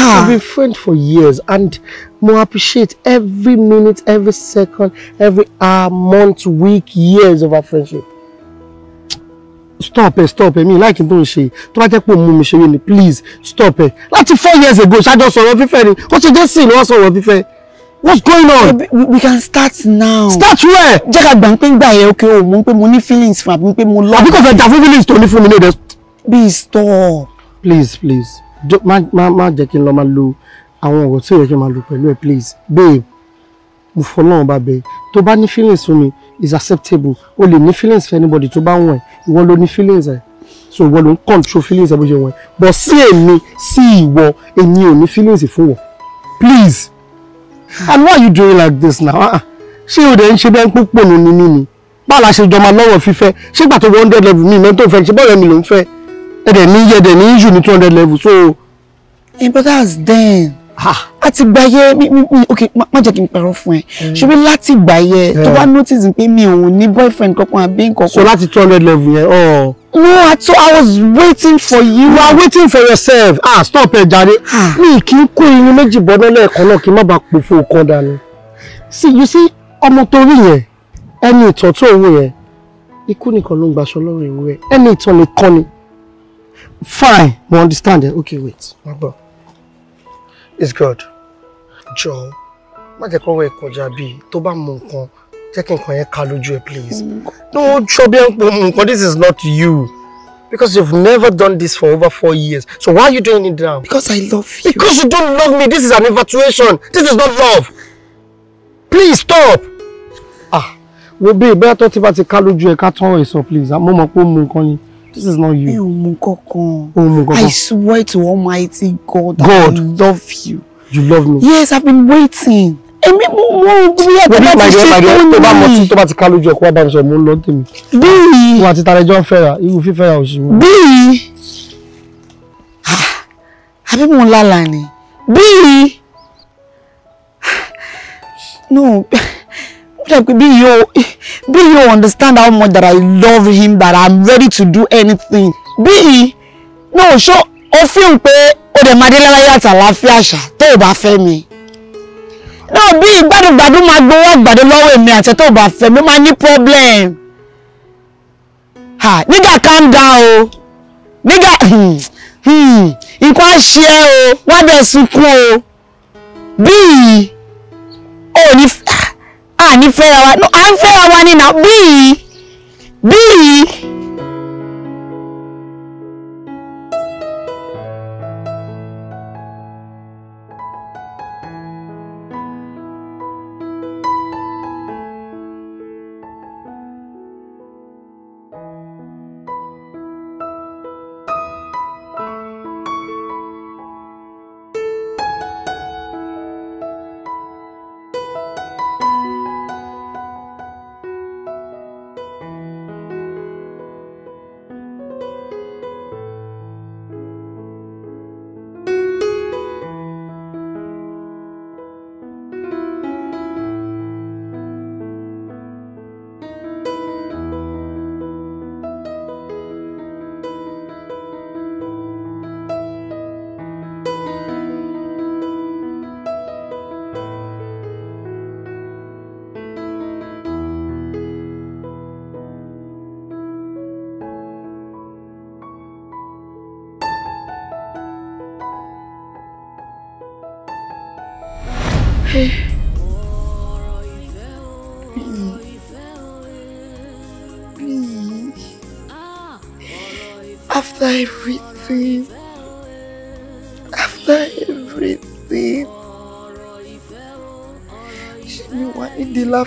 S1: We've been friends for years and more appreciate every minute, every second, every hour, ah, month, week, years of our friendship stop it! stop it! mi like tó ń ṣe tó bá jẹ́ pé òun mú mi ṣeré ni please stop it. láti four years ago ṣáájọ sọ̀rọ̀ fífẹ́ ni ó ṣe jẹ́ sìn ni wọ́n sọ̀rọ̀ fífẹ́ what's going on. we, we can start now. start where. jẹ́ ká gbà ń pé gbà yẹ okay o mo ń pé mo ní feelings fún àbí pé mo lọ. àbí kò fẹ́ jà fún feelings tó ní fún mi ní èdè. be stop. please please Ma, ma, ma. jẹ́ kí n lọ máa lo àwọn ọ̀rọ̀ tí ò yẹ kí n máa lo pẹ̀lú ẹ please babe mo fọlọ́run bá bẹ tó bá ní feelings fún mi is acceptable o lè ní feelings for anybody to bá wọ̀n ẹ̀ ìwọ ló ní feelings ẹ̀ so ìwọ ló ń control feelings ẹ̀ bó ṣe wọ̀n but sí èmi sí ìwọ èmi ò ní feelings fún wọ please and why you doing like this now ah, ah ṣé o dẹ̀ ń ṣe bẹ́ẹ̀ ń púpọ̀ nínú nínú báàlà ṣe jọmọ lọ́wọ́ fífẹ́ ṣé gbà tó wọ hundred level mi mẹ́tò fẹ́ ṣe bọ́ọ̀rẹ́ mi ló ń fẹ́ ẹ̀dẹ̀ ní yẹ̀dẹ̀ ní yíyù ní two hundred level so. Hey, but that's then. ah àti gbàyẹ mi ok má jẹ́ kí n parọ́ fún ẹ mm. ṣùgbọ́n láti gbàyẹ tó wá notice pé mi ò ní boyfriend kankan àbí nǹkan so láti two hundred level yẹn. Oh. no at all i was waiting for you. you are waiting for yourself ah stop ẹ jàre ah. mi kì í kó irun méjì bọ́dọ́ lẹ́ẹ̀kan náà kí n má bàa pòfo kan dànù. see you see ọmọ tó rí yẹn ẹni ìtàn tó òun yẹn ikú nìkan ló ń gbaṣọ lọ́rùn ìwé ẹ̀ ẹni ìtàn nìkan ni fine mo understand it okay wait. it's good jọ má jẹ́ kọ́wọ́ ẹ̀ kọjá tó bá mú nǹkan jẹ́ kí nǹkan yẹn ká lójú ẹ please mm. no jọ bí ẹ ń pò nǹkan this is not you because you've never done this for over four years so why are you doing it now. because I love you. because you don't love me this is an infatuation this is not love please stop. ah wo bí ìbẹ́rẹ́ tó ti bá ti ká lójú ẹ ká tán ẹ sọ please mo mọ̀ pé mú nǹkan yẹn. This is not you. Mi ò mú kankan. O mú kankan. I swear to Almighty God, God, I love you. You love me. Yes, I've been waiting. Èmi mo mo bí ẹ bí ṣe tó ní. Tó bá mọ tí tó ti ká lójú ọkọ wa bá mi sọ mo ń lọ tèmi. Bíi. Wọ́n àti Tarẹjọ́ fẹ́ra irú fífẹ́ra òṣìwọ́. Bíi. Ah, àbí mo ń lálàá ni. Bíi. No, Bíi yóò Bíi yóò understand how much that I love him that I'm ready to do anything. Bíi. No, sure ó fíhùn pé ó dẹ̀ máa
S2: dé láláyé àtàláfíà àṣà tó o bá fẹ́ mi náà bí ìgbàdùgbàdù máa gbowó àgbàdo lọ́wọ́ èmi àti tó o bá fẹ́ mi máa ní problem
S1: ha nígbà calm down o nígbà hmm, hmm, nǹkan á ṣe ẹ
S5: o wá dẹ̀ sunkún o bíi ò ní à ní fẹ́ra wa à ń fẹ́ra wa nínà bíi bíi.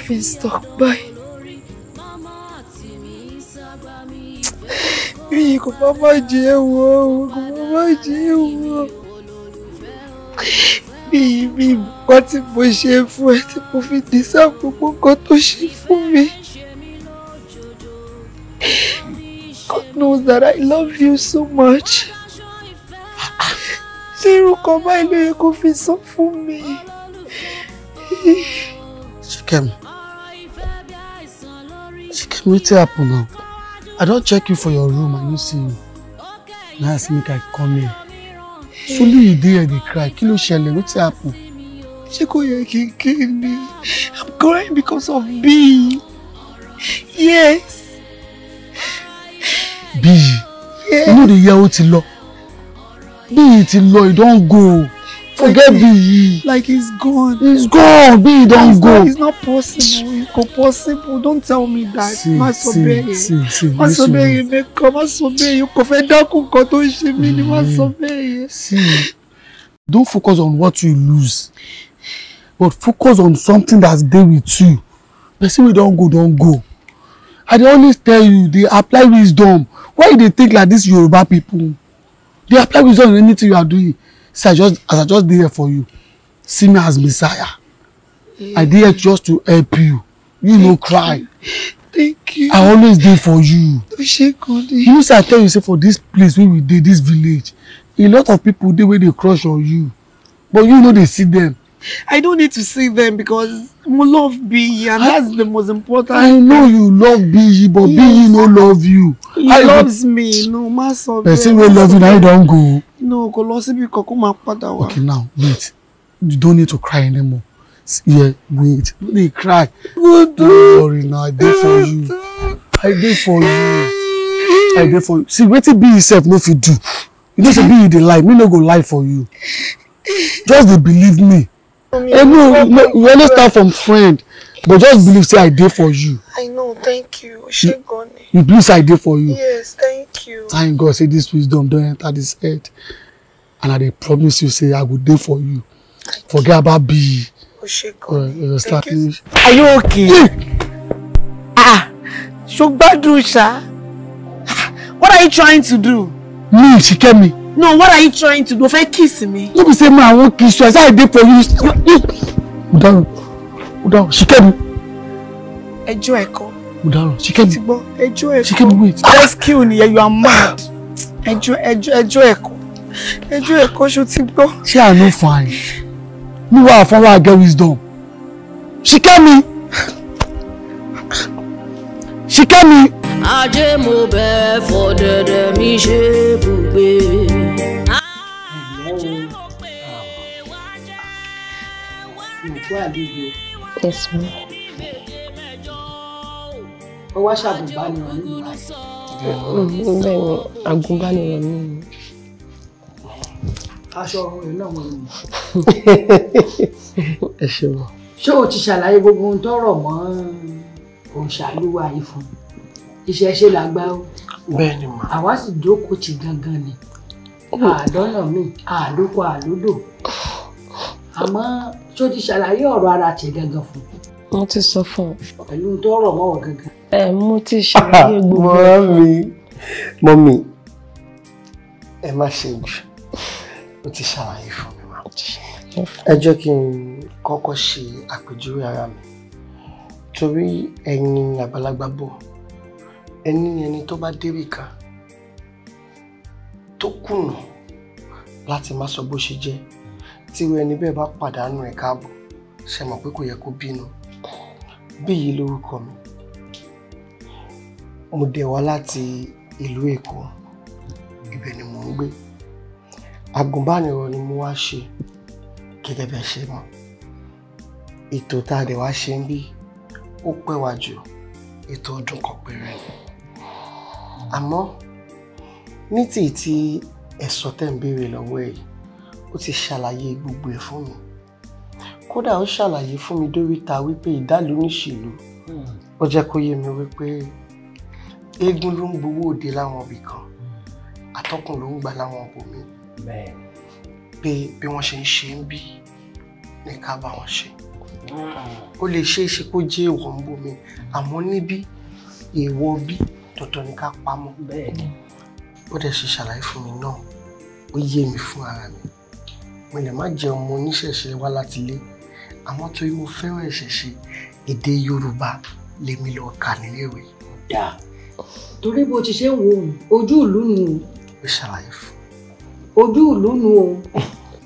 S1: fi ń sọ báyìí. mi kò bá má jẹ ẹwọ kò bá má jẹ ẹwọ mi mi nǹkan tí mo ṣe fún God knows that I love you so much. Ṣé come by báyìí ló yẹ kó fi sọ fún mi? Ṣé wetin happen now i don check you for your room i no see you na as make i come here solu you dey here dey cry kí ló ṣẹlẹ̀ wetin happen. ṣé kò yẹ kill me i'm crying because of bee yes. bee yes. inú rẹ̀ yẹ ó ti lọ bee ti lọ e don go we get like he's gone. he's gone be he don go. it's not possible e go possible don tell me that. masobere masobere meko masobere kò fẹ́ dákun kan tó ń ṣe mí ni masobere. Mm-hmm. don't focus on what you lose but focus on something that's dey with you person wey don go don go i dey always tell you dey apply wisdom why you dey think like this yoruba people dey apply wisdom in anything you are doing see I just as I just dey here for you see me as Messiah yeah. I dey here just to help you you no cry
S5: Thank you. I always
S1: dey for you.
S5: Oshekode.
S4: You know say
S1: I tell you say for this place wey we dey this village a lot of people dey wey dey crush on you but you no dey see them. I don't need to see them because I love Biyi e and I, that's the most important I thing. know you love Biyi e, but e yes. Biyi no love you. He I loves go... me. No, Maso. Person wey love you now don go. No, kò lọ síbi kan kó máa padà wá. Okay now wait you don't need to cry anymore. Yeah wait no dey cry. Don't worry na I did for you. I did for you. I did for you. See wetin be yourself no you do. You know say be you dey lie me no go lie for you. Just believe me. Hey, eh, no, no, we only start from friend. But just believe say I did for you. I know, thank you. She gone. You believe say I did for you? Yes, thank you. Thank God say this wisdom don't enter this head. And I promise you say I go do for you. Thank Forget you. about B. Ṣé gan Uh, thank you. Are you okay? Yeah. Ah, ṣó gbádùn ṣá. What are you trying to do? Me, she me. No, what are you trying to do? Fẹ́ kiss me? No be say man, I wan kiss you. I say I did for you. You, you. Done ó dárò ṣìkẹ́mi. ẹjọ́ ẹ̀kọ́. ó dárò ṣìkẹ́mi. ti gbọ́ ẹjọ́ ẹ̀kọ́. ṣìkẹ́mi wait. rescue ni you are mad. ẹjọ́ ẹjọ́ ẹjọ́ ẹ̀kọ́. ẹjọ́ ẹ̀kọ́ ṣo ti gbọ́. ṣé àánú fún ayé mi wá àfọwọ́ àgẹ́ wisdom. ṣìkẹ́mi.
S2: ṣìkẹ́mi.
S3: ajé mo bẹ̀rẹ̀ fọ dẹ̀dẹ̀ mi ṣe bùgbé. ajé mo Yes, ma'am. Ó wá ṣàgùnbánirọ̀ ní ìlú
S1: rẹ̀. Bẹ́ẹ̀ ni, àgùnbánirọ̀ ní ìlú. Aṣọ ọ̀run rẹ̀ náà wọ̀ ni. [LAUGHS] Ẹ ṣeun. Ṣé o ti ṣàlàyé gbogbo ohun tó rọ̀ mọ́ òǹṣàlúwà yìí fún? Iṣẹ́ ṣe làgbá o. Bẹ́ẹ̀ni mà. Àwa sì jókòó tì gangan ni. Oh. Àádọ́nà mi, àlókò àlódò àmọ́ tó ti ṣàlàyé ọ̀rọ̀ ara tì gangan fún un. mo ti sọ fún ọ. pẹ̀lú tó rọ̀ mọ́ ọ gangan. ẹ mo ti ṣàlàyé [LAUGHS] gbogbo. mọ́mí mọ́mí ẹ má ṣe jù mo ti ṣàlàyé fún mi má. ẹ jẹ́ kí n kọ́kọ́ ṣe àpèjúwe ara mi torí ẹ̀yin àgbàlagbà bò ẹni ẹni tó bá débì kan tó kùnà láti má sọ bó ṣe jẹ́ tíru ẹni bẹ́ẹ̀ bá pàdánù ẹ̀ káàbọ̀ ṣe mọ̀ pé kò yẹ kó bínú Bíyì lórúkọ mi mo dẹ̀ wá láti ìlú Èkó ibẹ̀ ni mò ń gbé agùnbánirọ̀ ni mo wá ṣe gẹ́gẹ́ bẹ́ẹ̀ ṣe mọ̀ ètò tá a dẹ̀ wá ṣe ń bí ó pẹ́ wá jù ètò ọdún kan péré àmọ́ ní tìí tí ẹ̀sọ́ tẹ̀ ń béèrè lọ́wọ́ yìí ó ti ṣàlàyé gbogbo ẹ̀ fún mi kódà ó ṣàlàyé fún mi dóríta wípé ìdálò oníṣèlú hmm. ó jẹ́ kó yé mi wípé eégún ló ń gbowó òde láwọn ibì kan àtọkùn hmm. ló ń gbà láwọn ibòmí pé bí wọ́n ṣe ń ṣe ń bí ní ká bá wọn ṣe hmm. ó lè ṣe é ṣe kó jẹ́ èèwọ̀ ń bomi àmọ́ níbí èèwọ̀ bí dandan ni ká pamọ́ ó dẹ̀ ṣe ṣàlàyé fún mi náà ó yé mi fún ara mi mo lè má jẹ́ ọmọ oníṣẹ̀ṣe wá láti ilé àmọ́ torí mo fẹ́ràn ìṣẹ̀ṣe èdè Yorùbá lèmi lọ kà níléèwé. dà torí bó ti ṣe ń wo ojú ìlú nu o. ó ṣàlàyé fún. ojú ìlú nu o.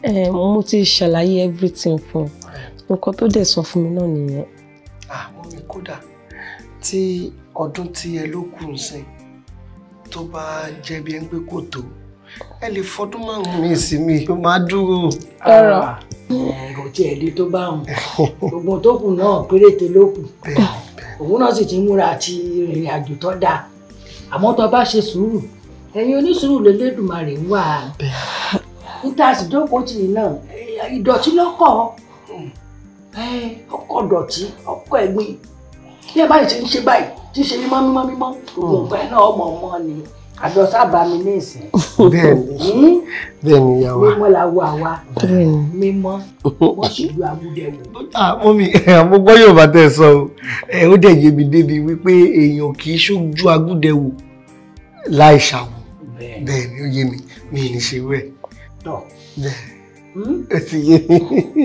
S1: ẹ [LAUGHS] eh, mo ti ṣàlàyé everything fún un nǹkan tó dẹ̀ sọ fún mi náà nìyẹn. àwọn mi kódà tí ọdún tí ẹ ló kù ń sìn tó bá jẹ́ bí ẹ ń gbé kò tó ẹ lè fọdún márùn-ún mi sí mi ó máa dúró.
S2: ọ̀rọ̀ ẹ̀rọ tí tó bá wọn gbogbo tó kù náà péréte ló kù òun náà sì ti múra àti ìrìn àjò tó dáa àmọ́ tó bá ṣe sùúrù ẹ̀yin onísùúrù lélẹ́dùnmarè wà níta tì í náà ìdọ̀tí lọ́kọ̀ ọkọ̀ hmm. dọ̀tí ọkọ̀
S1: ẹ̀gbin bí ẹ báyìí ti ń ṣe báyìí ti ṣe mímọ́ mímọ́ mímọ́ gbogbo hmm. nǹkan náà ọmọ ọmọ ni àjọsá bá mi ní ìsìn. bẹ́ẹ̀ni hmm? bẹ́ẹ̀ni ìyá wa mímọ́ la wà wá mímọ́ wọ́n sì lu àwùjẹ wò. Ah, mọ́mí [LAUGHS] mo gbọ́ Yorùbá tẹ́ sọ o ó dẹ̀ yé mi débi wípé èèyàn kì í ṣojú agúdẹ̀wò láì ṣàwò bẹ́ẹ̀ni ó yé mi mi ì ní ṣe wẹ̀. tọ́ hmm? ó ti yé mi.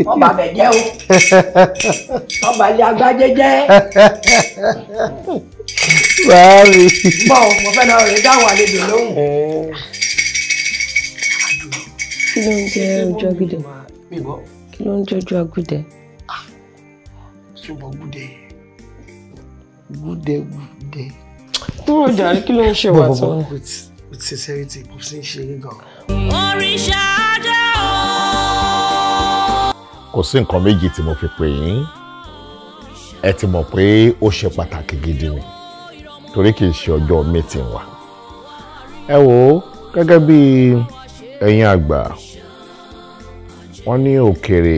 S2: wọ́n bẹ̀ jẹ́ o [LAUGHS] wọ́n bá lé agbájẹ́
S4: jẹ́. [LAUGHS] Báàmì.
S2: Bọ̀ mo fẹ́ lọ rèé
S1: dáhùn àlejò lóhùn.
S4: Kí ló ń jẹ́ ojú
S3: agídẹ? Kí ló ń jẹ́ ojú agídẹ? Ah,
S1: Ṣùgbọ́n gúdẹ. Gúdẹ gúdẹ. Kúrò jàre kí ló ń ṣe wà tó? With sincerity, kò sí ṣe é gan. Oríṣà dá o. Kò sí nǹkan méjì tí mo fi pè yín. Ẹ ti mọ̀ pé ó ṣe pàtàkì gidi ni torí kì ṣe ọjọ́ meeting wa ẹ wò ó gẹ́gẹ́ bí ẹ̀yin àgbà wọ́n ní òkèrè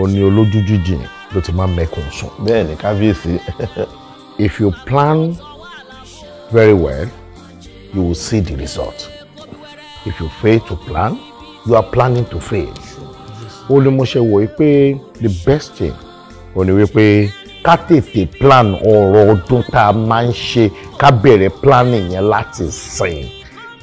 S1: òní olójú jíjìn ló ti máa mẹ́kùn sùn. bẹ́ẹ̀ ni kábíyèsí. [LAUGHS] if you plan very well you will see the result if you fail to plan you are planning to fail. ó ní mo ṣe pé the best thing ó ní wípé ká tètè plan ọ̀rọ̀ ọdún tá a máa ń ṣe ká bẹ̀rẹ̀ planning yẹn láti sìn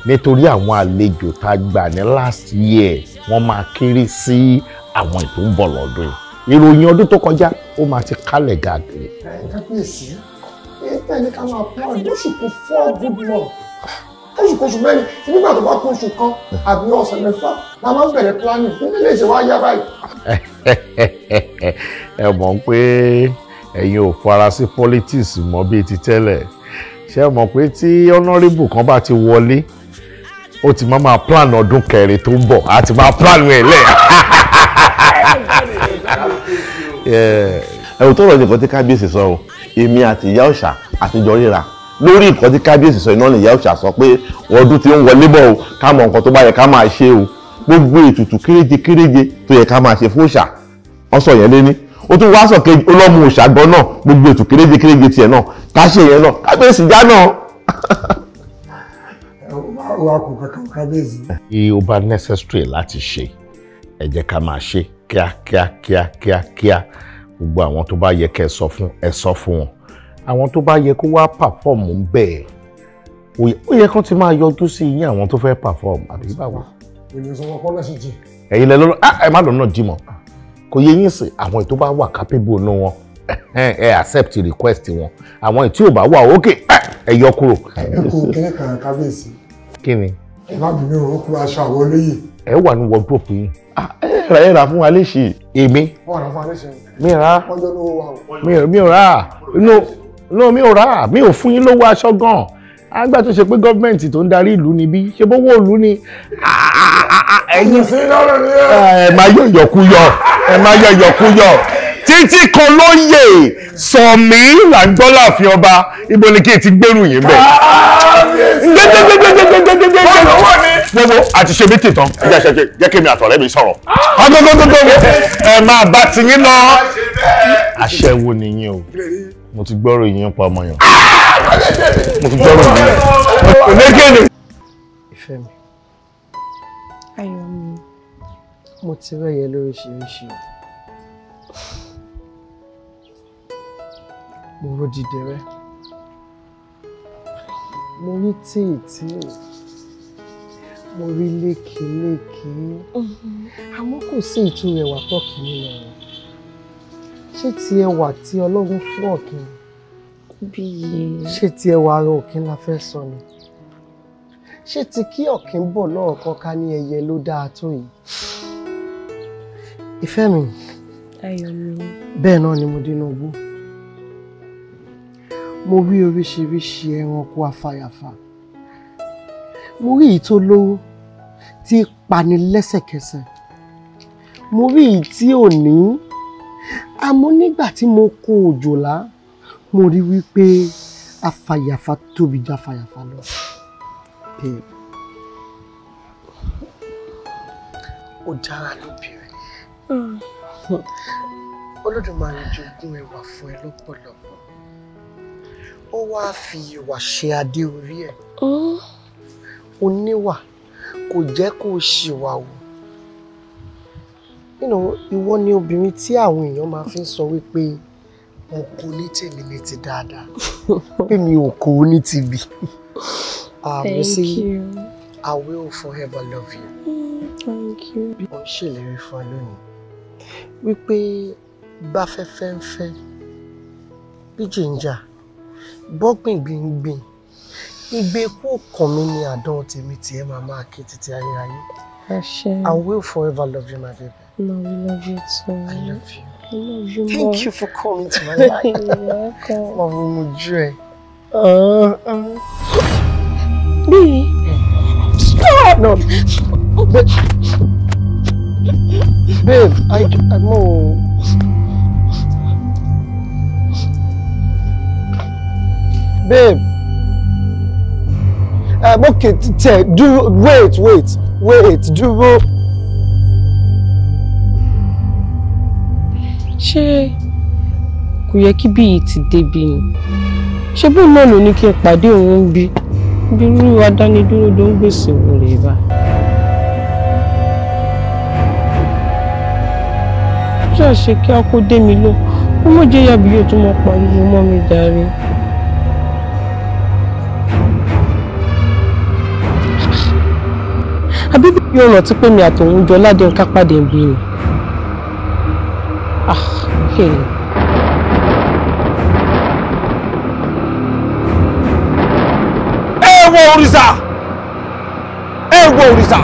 S1: nítorí àwọn àlejò tá a gbà ní last year wọ́n máa kéré sí àwọn ètò ń bọ̀ lọ́dún yìí ìròyìn ọdún tó kọjá ó máa ti kálẹ̀ gàgìrì. kábíyèsí ètò ẹni ká máa plan lóṣù kó fọ́ good month oṣù kóṣù mẹ́rin nígbà tó bá kó oṣù kan àbí ọ̀sẹ̀ mẹ́fà la máa ń bẹ̀rẹ̀ planning nílé ìṣèwádìí abáyé. [LAUGHS] ẹ mọ̀ pé ẹ̀yin ò fara sí politics mọ́ bíi ti tẹ́lẹ̀ ṣé ẹ mọ̀ pé tí honourable kan bá ti wọlé ó ti máa máa plan ọdún kẹrin tó ń bọ̀ á ti máa plan rẹ̀ lẹ̀. [LAUGHS] ẹ̀rù tó rọ̀ ní nǹkan tí kábíyèsí sọ o èmi àti ìyá ọ̀ṣà àtijọ́ ríra lórí nǹkan tí kábíyèsí sọ iná nìyá ọ̀ṣà sọ pé ọdún tí ń wọlé bọ̀ o ká mọ nǹkan tó bá yẹ ká máa ṣe o gbogbo ètùtù kéréje kéréje tó yẹ ká máa ṣe fún ọ̀ṣà ọ̀ṣọ̀ yẹn lé ní ó tún wá sọ̀kẹ́ olọ́mù òṣàgbọ́ náà gbogbo ètò kéréje kéréje tiẹ̀ náà ká ṣe yẹn náà kábíyèsí já náà. wà á kó kankan kábíyèsí. bí ó bá necessary láti ṣe ẹ jẹ́ ká máa ṣe kíákíá kíákíá kíá gbogbo àwọn tó bá yẹ kẹ́ ẹ sọ fún ẹ sọ fún wọn àwọn tó bá yẹ kó wá perform ń bẹ́ẹ̀ ó yẹ kán ti máa yọjú sí yín àwọn tó fẹ́ perform àbí báwo. ènìyàn sọ wọn kọ́ lẹ́sìn jì. ẹ̀yin lẹ lọ́nà ah, ẹ má lọ́nà jì mọ́ kò yẹ yín sí àwọn ètò bá wà capable nù wọn ẹ accept request wọn àwọn ètò ò bá wà òkè ẹ yọ kúrò. ẹ kú kẹ́lẹ́ kan kábíyèsí. kí ni. ẹ bá mi ní orúkọ aṣọ àwọn olóyè. ẹ wà ní wardrobe yìí. ẹ rà ẹ rà fún wa léṣe. èmi. wọn rà fún wa léṣe. mi rà. mi rà. no no mi ò rà mi ò fún yín lówó aṣọ gan-an àgbà tó ṣe pé gọ́ọ̀mẹ̀ntì tó ń darí ìlú níbí ṣe bówó ìlú ni ẹ̀yin ẹ máa yọ ìyọkúyọ ẹ máa yọ ìyọkúyọ títí kan ló yè sọ̀mí là ń gbọ́ láàfin ọba ibo ni kí n ti gbẹ́rù yín bẹ̀. gbogbo àti ṣe mí tìtàn jẹ́ kí mi àtọ̀rẹ́ mi sọ̀rọ̀
S5: ọgọ́gọ́gọ́gọ́ ẹ máa bá tiyín lọ. aṣẹ́wó
S1: nìyẹn o mo ti gbọ́rọ̀ yín pa ọmọ yẹn mo ti gbọ́rọ̀ mi onékèlè. ìfẹ́ mi ayọ̀ mi mo ti rẹ́yẹ lóríṣiríṣi mo ro dìdẹ̀rẹ́ mo rí tìtì mo rí lékeléke àmọ́ kò sí ìtú ẹwà tọ́kì nínú ẹ̀wọ̀n ṣé ti ẹwà tí ọlọ́run fún ọ̀kìn bíi. ṣé ti ẹwà ara òkín la fẹ́ sọ ni ṣé ti kí ọ̀kín bọ̀ náà kan ká ní ẹyẹ ló dáa tó yìí ìfẹ́ mi ayọ̀ mi bẹ́ẹ̀ náà ni mo dínú ogbó mo rí oríṣiríṣi ẹranko afàyàfà mo rí èyí tó lówó tí pani lẹ́sẹ̀kẹsẹ̀ mo rí èyí tí ò ní àmọ́ nígbà tí mo kó òjòlá mo rí wípé afàyàfà tóbi já fàyàfà lọ bẹ́ẹ̀ ó dára lóbìnrin hmm. olódùmarè jogún ẹwà fún ẹ lọ́pọ̀lọpọ̀ ó wáá fi ìwà ṣe adé orí ẹ hmm. ó níwà kò jẹ́ kó o ṣìwà wò ìwọ ni obìnrin tí àwọn èèyàn máa fi ń sọ wípé mo ní tèmi ní ti dáadáa pé mi ò kó ní ti bì àmì sí I will forever love you. Mm, thank you. bí mo ṣèlérí fún ẹ lónìí wípé bá fẹ́fẹ́ ń bí jìnjà bọ́gbìn gbìngbìn igbe ikú ọkàn mi ni àdán tèmi tiẹ̀ máa máa ké títí ayérayé. I will forever love you my baby.
S5: No, we love you too. I love you.
S1: I love you Thank more. you
S5: for coming to my [LAUGHS] life. You're
S1: welcome. Love you, Mujue. Uh, um. Baby. Stop! No. But, babe, I, I'm know. Babe. I'm um, okay, t- do, wait, wait, wait, dúró. ṣé kò yẹ kí bíi ti débi ni ṣé bóun náà ló ní kí n pàdé òun bí bírú adánidúró ló ń gbèsè wò rè bá. ṣáà ṣe kí a kó dé mi lọ kó mọ̀ jẹ́ yàbí yóò tún mọ̀ pariwo mọ́ mi darí. àbí bí yóò rántí pé mi àtòun jọ ládé ń ká pàdé ń bí ni. Ach, okay.
S5: Ẹ wo òrìṣà!
S2: Ẹ wo òrìṣà!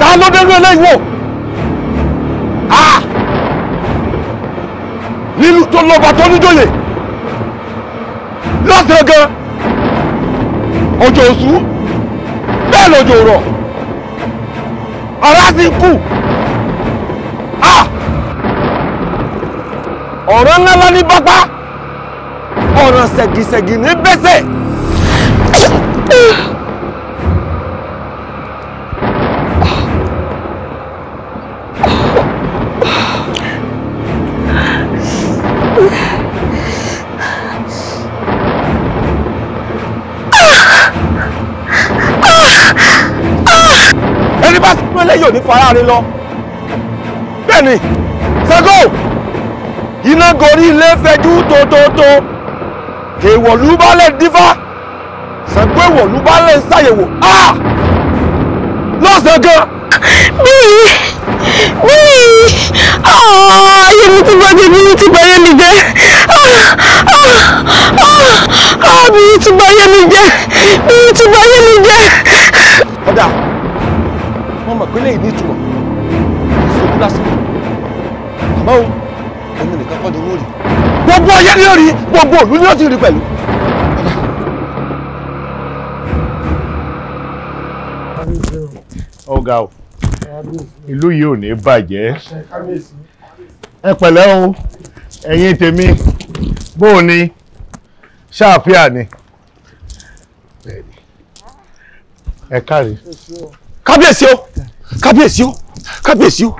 S2: Ta ló dẹ́nu eléyìí wò? Ah! Nílùú tó lọ́ba tó níjòyè. Lọ́sẹ̀ gan. Òjò òsú. Bẹ́ẹ̀ lọ́jọ́ rọ̀.
S1: Ọ̀rá sì kù. ọ̀rọ̀ ńláńlá ní bápá ọ̀rọ̀ ṣẹ̀gìṣẹ̀gì ní bẹ́sẹ̀. ẹni bá sọ pé lẹ́yìn ò ní fara rẹ lọ bẹ́ẹ̀ ni Ṣàngó iná gorí ilé fẹjú tótótó èèwọ̀lú balẹ̀ dífá Ṣàngó èèwọ̀lú balẹ̀ ṣàyẹ̀wò á lọ́sàn-án gan.
S5: bíi bíi ayé mi ti bàjẹ́ bí mi ti bàyẹ́ mi jẹ́ bí mi ti bàyẹ́ mi jẹ́ bí mi ti bàyẹ́ mi jẹ́. ọ̀dà
S1: wọn mọ̀ pé lẹ́yìn ní ìtumọ̀ ìṣòro lásìkò àmọ́ o èmi nìkan kọ́ ni wọ́n rí gbogbo ọyẹ́ ni yóò rí gbogbo òlú ni yóò ti rí pẹ̀lú. ọ̀gá o ìlú yìí ò ní bàjẹ́ ẹ pẹ̀lẹ́ o ẹ̀yin tèmi bó o ní ṣáàfíà ni ẹ káre. kábíyèsí o kábíyèsí o kábíyèsí o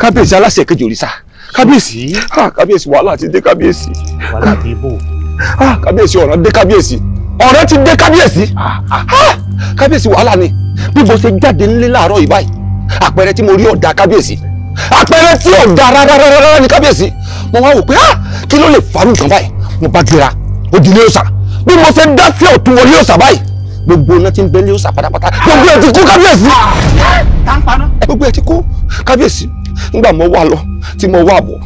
S1: kábíyèsí aláṣẹ kejì òrìṣà kábíyèsí kábíyèsí wàhálà ti dé kábíyèsí. wàhálà ti bò. kábíyèsí ọ̀ràn dé kábíyèsí ọ̀ràn ti dé kábíyèsí kábíyèsí wàhálà ni bí mo ṣe jáde nílé láàárọ̀ yìí báyìí àpẹẹrẹ tí mo rí ọ̀dà kábíyèsí àpẹẹrẹ tí ọ̀dà rárá ni kábíyèsí mo wá wò pé kí ló lè farú nǹkan báyìí mo bá gbéra ó di ilé òòsà bí mo ṣe dá sí ọ̀tún wọlé òòsà báyìí gbogbo iná ti ń bẹ ilé òòsà pátápátá gbogbo ẹ̀ ti kú kábíyèsí. gbogbo ẹ̀ ti kú kábíyèsí nígbà mo wà lọ tí mo wà bọ̀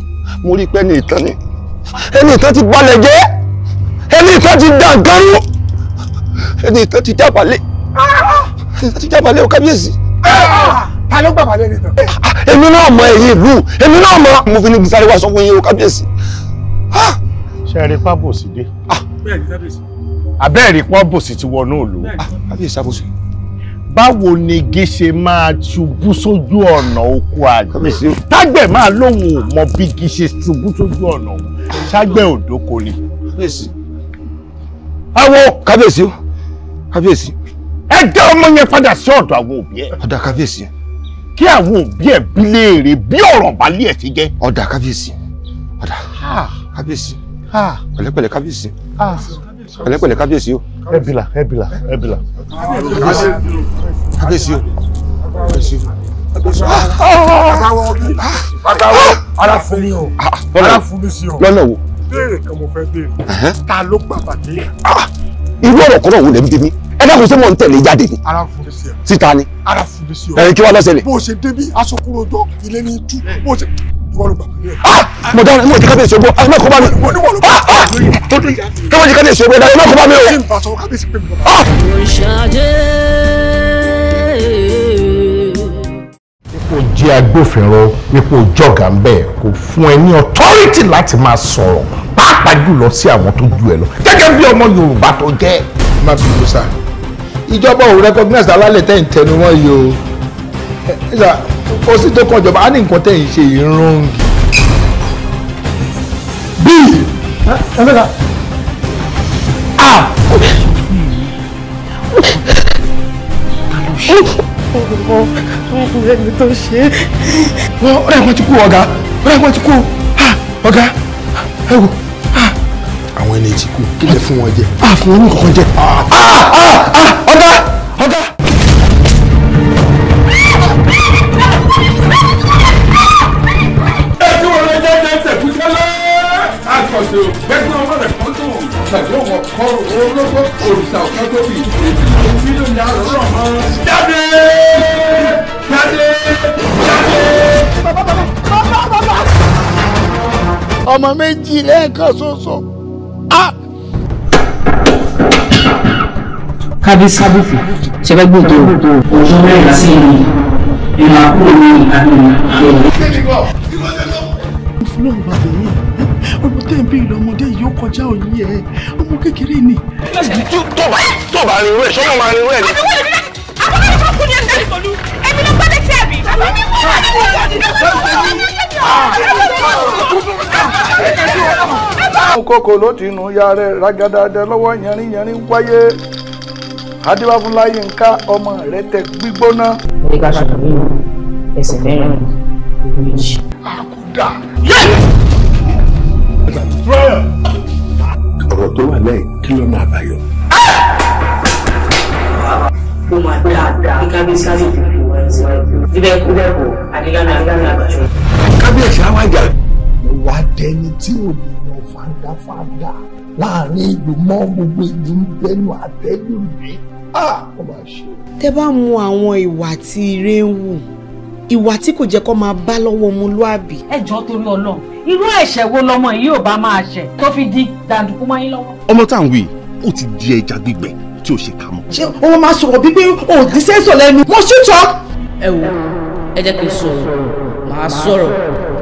S1: mo rí i pé ẹni ìtàn ni ẹni ìtàn ti balẹ̀ jẹ́ ẹni ìtàn ti dà nǹkan rú ẹni ìtàn ti jábàlẹ̀ ẹni ìtàn ti jábàlẹ̀ o kábíyèsí. ta ló gbà balẹ̀ nìkan. èmi náà mọ ẹ̀yin ìlú èmi náà mọ mo fi ní sáré wá sọ fún yín o kábíyèsí. ṣe é rí pábò sí dé. bẹ́ẹ̀ ni kábíyèsí. àbẹ́ẹ̀rí pábò ti wọnú òlu. Ah, kábíyèsí àbòsí báwo ni igi ṣe máa ṣubú sójú ọ̀nà oko àgbẹ̀ tágbẹ̀ máa lóun ò mọ bí igi ṣe ṣubú sójú ọ̀nà ṣágbẹ̀ òdòkó ni. awo kábíyèsí o kábíyèsí. ẹ dá ọmọ yẹn padà sí ọ̀dọ̀ àwọn òbí ẹ̀. ọ̀dà kábíyèsí. kí àwọn òbí ẹ̀ bí léèrè bí ọ̀rọ̀ balẹ̀ ẹ̀ ti jẹ́. ọ̀dà kábíyèsí ọ̀dà kábíyèsí pẹ̀lẹ́pẹ̀lẹ́ kábíyèsí pẹ̀lẹ́pẹ̀lẹ́ kábíyèsí o. ẹbìlà ẹbìlà ẹbìlà. kábíyèsí o kábíyèsí o kábíyèsí
S5: o. bàbáwọ ah!
S1: bàbáwọ ara
S5: fún mi o ah! ara fún mi sí o.
S1: lọ́nà wo. béèrè kan mo fẹ́ béèrè. ta ló gbà bàdé. Ah! irú ọ̀rọ̀ kọ́nà wo lè ń bí mi ẹ dákun sí mọ̀ ń tẹ̀lé jáde ni. ara fún mi sí o. ni. ara fún mi sí o. kí wàá lọ́sẹ̀ lè. bó o ṣe débi aṣọ kúrò ilé ní tú bó o ṣe. Ah! mo dára mo ti kábíyè ṣògbó ẹ ah,
S5: má kó bá mi ah, tó mo ti kábíyè ṣògbó dára ẹ má kó bá mi o.
S1: ipò jẹ́ agbófinró ipò jọ̀gá ń bẹ̀ kò fún ẹ ní authority láti máa sọ̀rọ̀ pàápàá jùlọ sí àwọn tó ju ẹ lọ gẹ́gẹ́ bí ọmọ Yorùbá tó jẹ́. má bínú sá ìjọba ò recognize alálẹ̀ tẹ̀ ń tẹnu wọ́n yìí o ó sì tó kàn jọba á ní nǹkan tẹ̀ ń ṣe ìrọ̀rùn.
S5: bíi
S2: ẹ fẹ́ ka a.
S5: ọmọ ọmọ ẹni tó
S1: ṣe. wọ́n ọ̀rẹ́ wọn ti kú ọ̀gá ọ̀rẹ́ wọn ti kú ọ̀gá ẹ wò. àwọn ẹni tí kú kí lè fún wọn jẹ.
S5: a fún wọn ní kankan jẹ. olóko òrìṣà ọ̀kan tóbi èyí ló ní àrò rọ̀ mọ́. jáde jáde jáde. ọmọ méjì
S1: lẹ́ẹ̀kan ṣoṣo. Ah!
S5: kábíyèsí kábíyèsí ṣe fẹ́ gbòòtò òṣù mẹ́rin sí i ìlà kúrò ní ìdáná ìlú.
S1: ọmọ tẹ́ ń bí ìlú ọmọdé yìí ó kọjá òye ẹ̀ ọmọ kékeré ni
S5: tó bá tó bá rin irú ẹ̀ sọ́nà máa rin irú ẹ̀ ni. àbúrò mi kò kú ní ẹgbẹ́ ìkọlù èmi ló gbọ́dọ̀ tí ẹ̀bí. àbúrò mi kò kú ní ẹgbẹ́ ìkọlù.
S1: kókó ló ti nù ya rẹ rágádádá lọ́wọ́ yẹrinyẹrin wáyé adébáfúláyé nǹka ọmọ rẹ tẹ gbígbóná.
S4: orí ká ṣàlàyé
S5: ẹsẹ̀ mẹ́rin ìlú méjì.
S4: kí lọ́nà àbáyọ.
S3: ó máa dáadáa kí kábíyèsí á lè dìbò wá síwájú. bíbẹ́ kú bẹ́ẹ̀ kọ́ adélámi adélámi àgbàjọ. kábíyèsí á wá jà. mo wá
S4: dẹni tí ò
S1: lè lọ fàdáfàdá láàrin ìlú mọ́ gbogbo ìlú bẹnu àtẹ́lù mi. Ah! ó máa ṣe. tẹ́ bá mu àwọn ìwà tí ire ń wù ìwà tí kò jẹ́ kó máa bá lọ́wọ́ ọmọlúàbí. ẹ jọ̀ọ́ torí Ọlọ́run irú ẹ̀ṣẹ̀ wo lọmọ yìí ò bá máa ṣẹ̀ tó fi di dàǹdùkú mọ́ yín lọ́wọ́. ọmọ tá à ń wí ó ti di ẹja gbígbẹ tí ò ṣe ká mọ. ṣé o máa sọ̀rọ̀ bí pé o ò ní sẹ́sọ̀ lẹ́nu mo ṣú tọ́.
S3: ẹ wo ẹ jẹ́ kí n sọ̀rọ̀ màá sọ̀rọ̀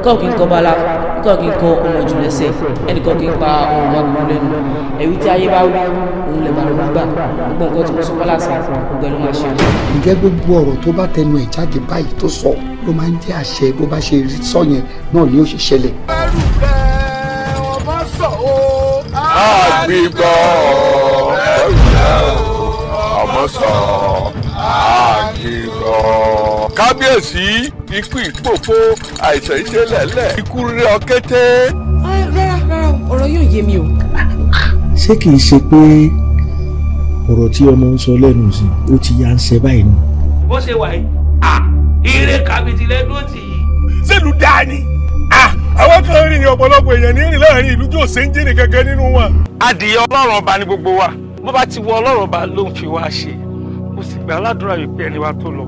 S3: kọ́ọ̀kì ń kọ́ bá lára nǹkan kí n kọ ọmọ jù lẹ́sẹ̀ ẹnìkan kí n pa ọmọ wa gbogbo lẹ́nu ẹ̀rí tí ayé bá wí òun lè bá rí gbogbo nǹkan
S2: tí sọ pálásà gbogbo ẹ̀ ló máa ṣe.
S1: ǹjẹ́ gbogbo ọ̀rọ̀ tó bá tẹnu ẹ̀ jáde báyìí tó sọ ló máa ń jẹ́ àṣẹ bó bá ṣe rí sọ yẹn náà ni ó ṣe ṣẹlẹ̀.
S5: àgbìgbọ́ ẹ̀rù lẹ́ ọmọ sọ̀ọ́ kábíyèsí ikú ìpòpò àìsàn ìṣẹ̀lẹ̀lẹ̀ ikú rírẹ ọkété.
S3: rárá rárá ọ̀rọ̀ yóò yé mi o.
S1: ṣé kìí ṣe pé ọ̀rọ̀ tí ọmọ ń sọ lẹ́nu sí ó ti yá ń ṣe báyìí nù. bó ṣe wà yìí à eré kàbìtì lẹ́dún tì í. dáa ni àwọn kan rìn ní ọ̀pọ̀lọpọ̀ èèyàn ní rìn láàrin ìlú tí ṣe ń jẹ́rìí kankan nínú wa. adìyẹ ọlọ́run ọba ni gbogbo wa bó bá ti wọ ọlọ́run ọba ló ń fi wá ṣe mo sì gbà aládùúrà wípé ẹni wa tó lọ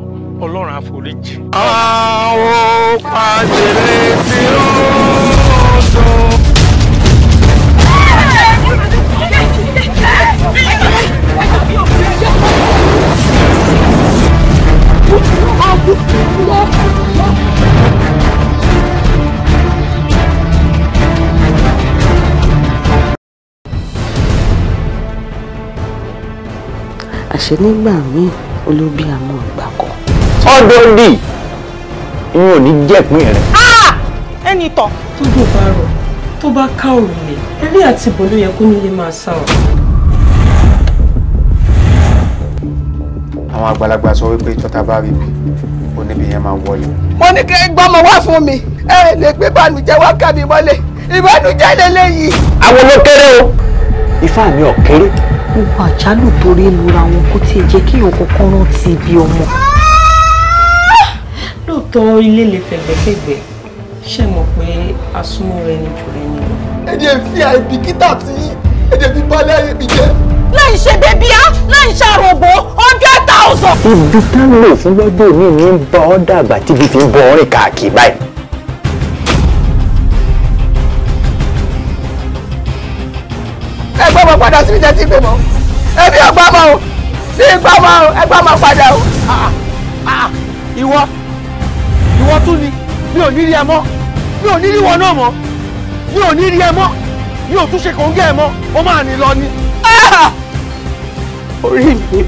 S1: ọlọ́run àforíjì.
S5: àwọn pàṣẹ tí ó sọ.
S1: àṣẹ nígbà míì olóbí àmọ́ ìgbà kan ọdọọdì ìyẹn ò ní jẹ́pin rẹ̀. ẹni tọ̀. tójú bá rọ tó bá ká òrùlé eré àti ìbò ló yẹ kó nílé máa sá ọ. àwọn àgbàlagbà sọ wípé tọ́ta bá rí bi oníbi yẹn máa wọlé. mo ní kí n gbọ́mọ wá fún mi ẹ lè gbé bànújẹ́ wá ká mi mọ́lẹ̀ ìbànújẹ́ lélẹ́yìí. àwọn ló kéré o ifá mi ò kéré. gbogbo àjálù torí lura wọn kó tiẹ̀ jẹ́ kí èèyàn kọ́kọ́ rántí ibi ọmọ lóòótọ́ ilé lè fẹ̀gbẹ́kẹ̀gbẹ́ ṣe mọ̀ pé asúnmọ́ rẹ ni jù rẹ nínú. èdè fi àìbìkítà tí èdè fi balẹ̀ ibi jẹ́. láì ṣe bébíá láì
S2: ṣàròbó hundred thousand.
S1: ibi tá ń lò fún lọ́dọ̀ mi ni ń bọ ọ́ dàgbà tí ibi fi ń bọ ọ́ rìn káàkiri báyìí.
S2: ẹ gbọ́ mọ padà sí ìjẹ́ tí gbé mọ́ ẹbí ọgbà mọ́ o
S5: sí ìgbà mọ́ o ẹ gbọ́ padà o. Ah,
S1: ah, ah. ìwọ ìwọ tún ni mi ò ní rí ẹ mọ́ mi ò ní rí wọn náà mọ́ mi ò ní rí ẹ mọ́ mi ò tún ṣe kòńgẹ́ ẹ mọ́ ó máa ní lọ ni. Ah! orí mi.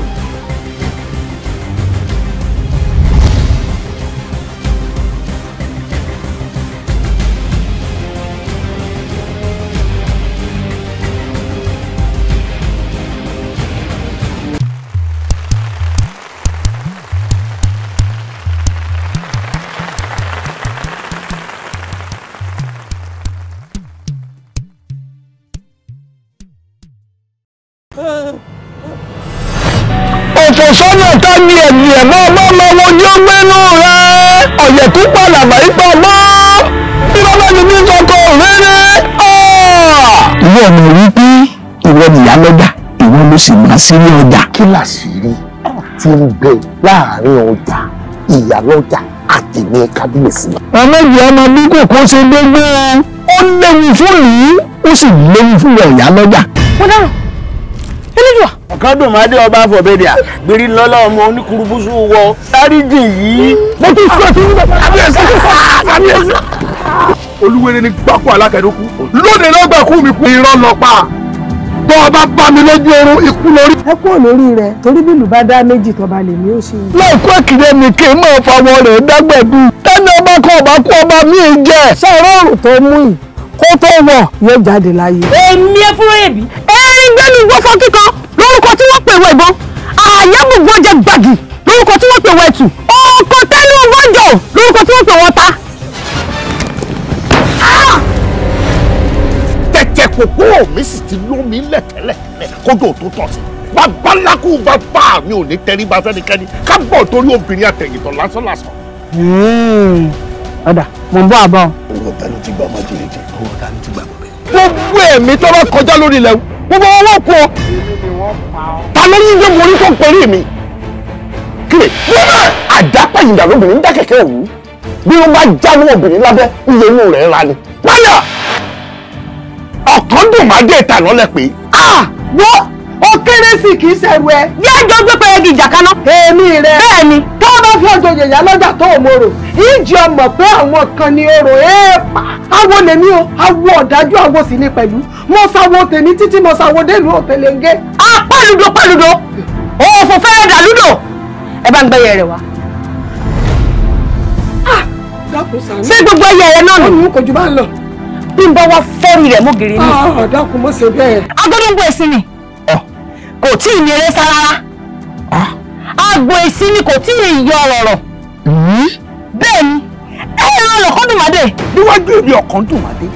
S5: àjẹ̀kú pàlàbà ipa mọ́ ìrọ́lẹ́ni ní sọ́kọ rere. ìwé ọmọ wípé ìwọ nìyá lọ́jà ìwọ ló sì máa sí ní ọjà. kí
S1: làṣírí ti ń bẹ láàrin ọjà ìyá lọ́jà àtẹ̀mí kábíyèsí.
S5: ọmọ ìyá ọmọ bí kò kó ṣe gbogbo ó léwu fún yìí
S1: ó sì léwu fún ìyá lọ́jà. mo dáhùn elédùà kọ́dùnmádé ọba àfọ̀bẹ́dẹ́à gbèrí lọ́lá ọmọ oníkurubúsù wọ sáríjì yìí. mo tún sọ ti wúlò kábíyèsí kábíyèsí. olúwere ni gbáko alákẹ́dókú lóde lọ́gbàkú
S2: mi kú irọ́ lọ pa tó ọba bá mi lójú oorun ikú lórí. ẹ kúrò lórí rẹ torí bí ìlú bá dá méjì tọba lè ní òṣè. lẹ́ẹ̀kọ́ ìkìlẹ̀ mi kì í máa fa wọn rẹ̀ dágbẹ̀dù. tẹ́ni ọba kan ọba kú ọba mi ì jẹ́. sọ̀rọ̀ òrùn tó mú yìí kó tó wọ̀ yóò jáde láyé. èmi ẹ fúnra ẹ̀bí. ẹ ń gbẹ́nu gbọ́ fọ́ kíkan pè wọ ìbọn àyàbùgbọ́n jẹ gbàgì lórúkọ tí wọ́n pè wọ ẹ̀tù ọkọ̀ tẹ́lú wọ́jọ̀ lórúkọ tí wọ́n pè wọ́n ta.
S1: tẹ̀tẹ̀ kòkó mi sì ti lómi lẹ̀kẹ́lẹ̀kẹ́lẹ̀ kójú òtún tọ̀ sí babaláku bàbá mi ò ní tẹrí bá sẹ́nikẹ́ni ká bọ̀ torí obìnrin àtẹ̀yìntàn lásán lásán.
S5: Hmm. ọ̀dà mò ń bọ́ àbọ̀.
S1: owó ọ̀gá ló ti gbà ọmọ jìnnìjì owó ọ̀gá ló ti gbà bọ̀bẹ̀. gbogbo ẹ̀mí tó bá kọjá lórí ilẹ̀ gbogbo wọn wọ́n kú ọ. ta ló ní ilé mo ní kó pẹ̀lú mi. kílè wọ́n àdápẹ́ ìdà lóbìnrin dá kẹ̀kẹ́ òwú bí wọ́n bá já ní obìnrin lábẹ́ iye inú rẹ̀ ra ni. wọ́n yà ọ̀kan dùn má dé ìtànà lẹ pé ah wọ́n. ó kéré sí kì í ṣẹ̀rù ẹ. bí
S2: ẹjọ́ gbé pẹ́yẹ́gì ìjàkaná. èmi rẹ bá fi ọjọ́ yẹyà lọ́jà tó o mòrò ìjì ọmọ pé àwọn kan ni orò èèpà. awo lèmi o awo ọ̀dájú awo sì ni
S1: pẹ̀lú mo sawo tèmi títí mo sawo a pàlùdò pàlùdò
S2: ẹ bá ń ah, gbogbo ẹyẹ rẹ náà nù. ọ̀nà kò bá ń lọ. bí n bá kò tí ì ní eré sá rárá
S5: agbo èsì ni kò tí ì yọ ọ̀rọ̀ hmm? bẹ́ẹ̀
S1: ni ẹ ẹ ràn lọ́kàn dùnmọ́dé. níwájú èmi ọ̀kan dùnmọ́dé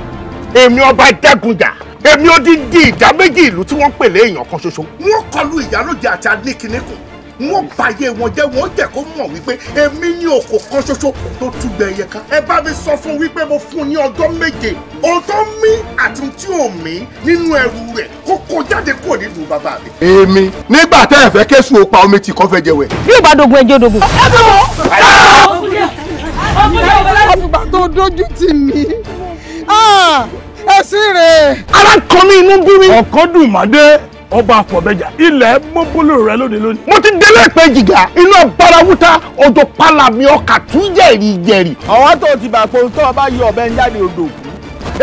S1: èmi ọba jágunjà èmi ó dín dín ìdá méjì ìlú tí wọ́n ń pèlè èèyàn kan ṣoṣo. wọ́n kọlu ìyálòjì àti adékiníkùn wọ́n bàyẹ̀ wọn jẹ́ wọ́n jẹ́ kó mọ̀ wípé èmi ní òkò kan ṣoṣo tó túgbẹ̀ ẹyẹ ká. ẹ bá mi sọ fún wípé mo fún un ní ọjọ́ méje ohun tó mí àti tí ò mí nínú ẹrù rẹ̀ kó kó jáde kúrò nínú bàbá mi. èmi nígbà tẹ́ ẹ fẹ́ késù òpa omi tì kọ́ fẹ́ jẹ wẹ̀. bí ìbádọ́gun ẹjọ́ dogun. ẹ
S5: bẹ̀ wọ́n. àtùgbà tó dojú tì mí ah, ẹ̀sìn rẹ̀.
S1: ara kan ní inú bí mi. ọ̀kan dùn má dé ọba àfọ̀bẹ́jà ilẹ̀ mọ́bólú rẹ lónìí lónìí. mo ti délé pé jìgà inú abarawúta ọjọ́ pálami ọkà tún jẹ̀rì jẹ̀rì. àwọn tó ti bàpọ̀ tó ọba yọ ọbẹ̀ ń jáde odò.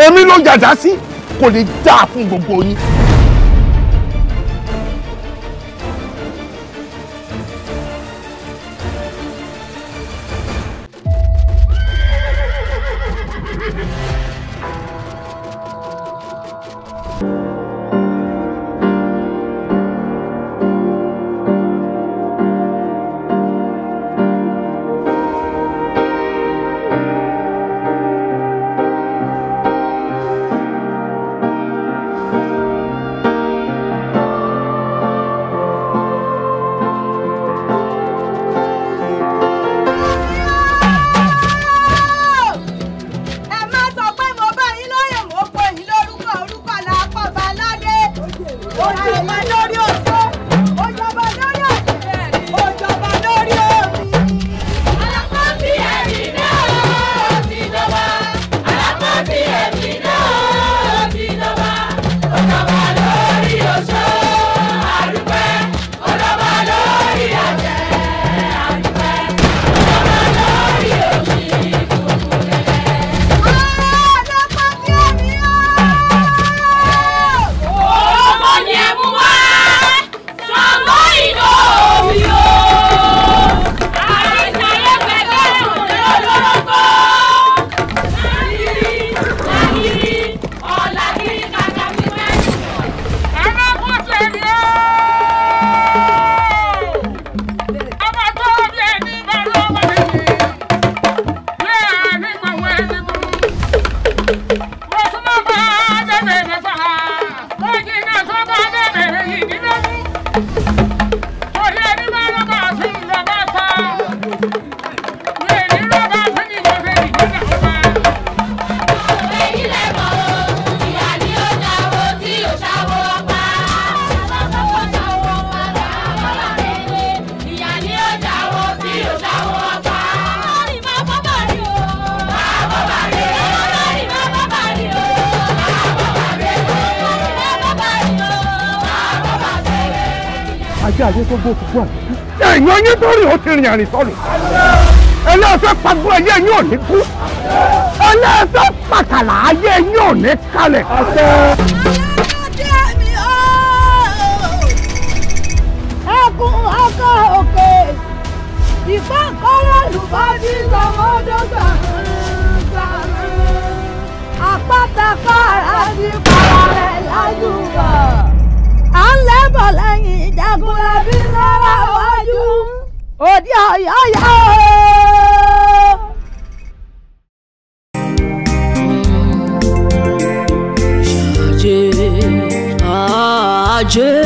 S1: èmi ló jàdá sí kò lè dáa fún gbogbo yín.
S5: ẹ̀yìn àrìn sọnù ẹlẹ́ẹ̀fẹ́ pàgbọ́ ayé yín ò ní kú ẹlẹ́ẹ̀fẹ́ pàtàlà ayé yín ò ní kalẹ̀. ẹkùn ọkọ òkè ìfọ̀kọ́rọ̀ lùbọ́dí lọ́mọdọ́gba àpáta fara ní fara rẹ̀ láyùbọ̀ à ń lẹ́bọ̀ lẹ́yìn ìjagunlẹ̀ bí lára wájú. Oh ya ya ya.
S3: Acı acı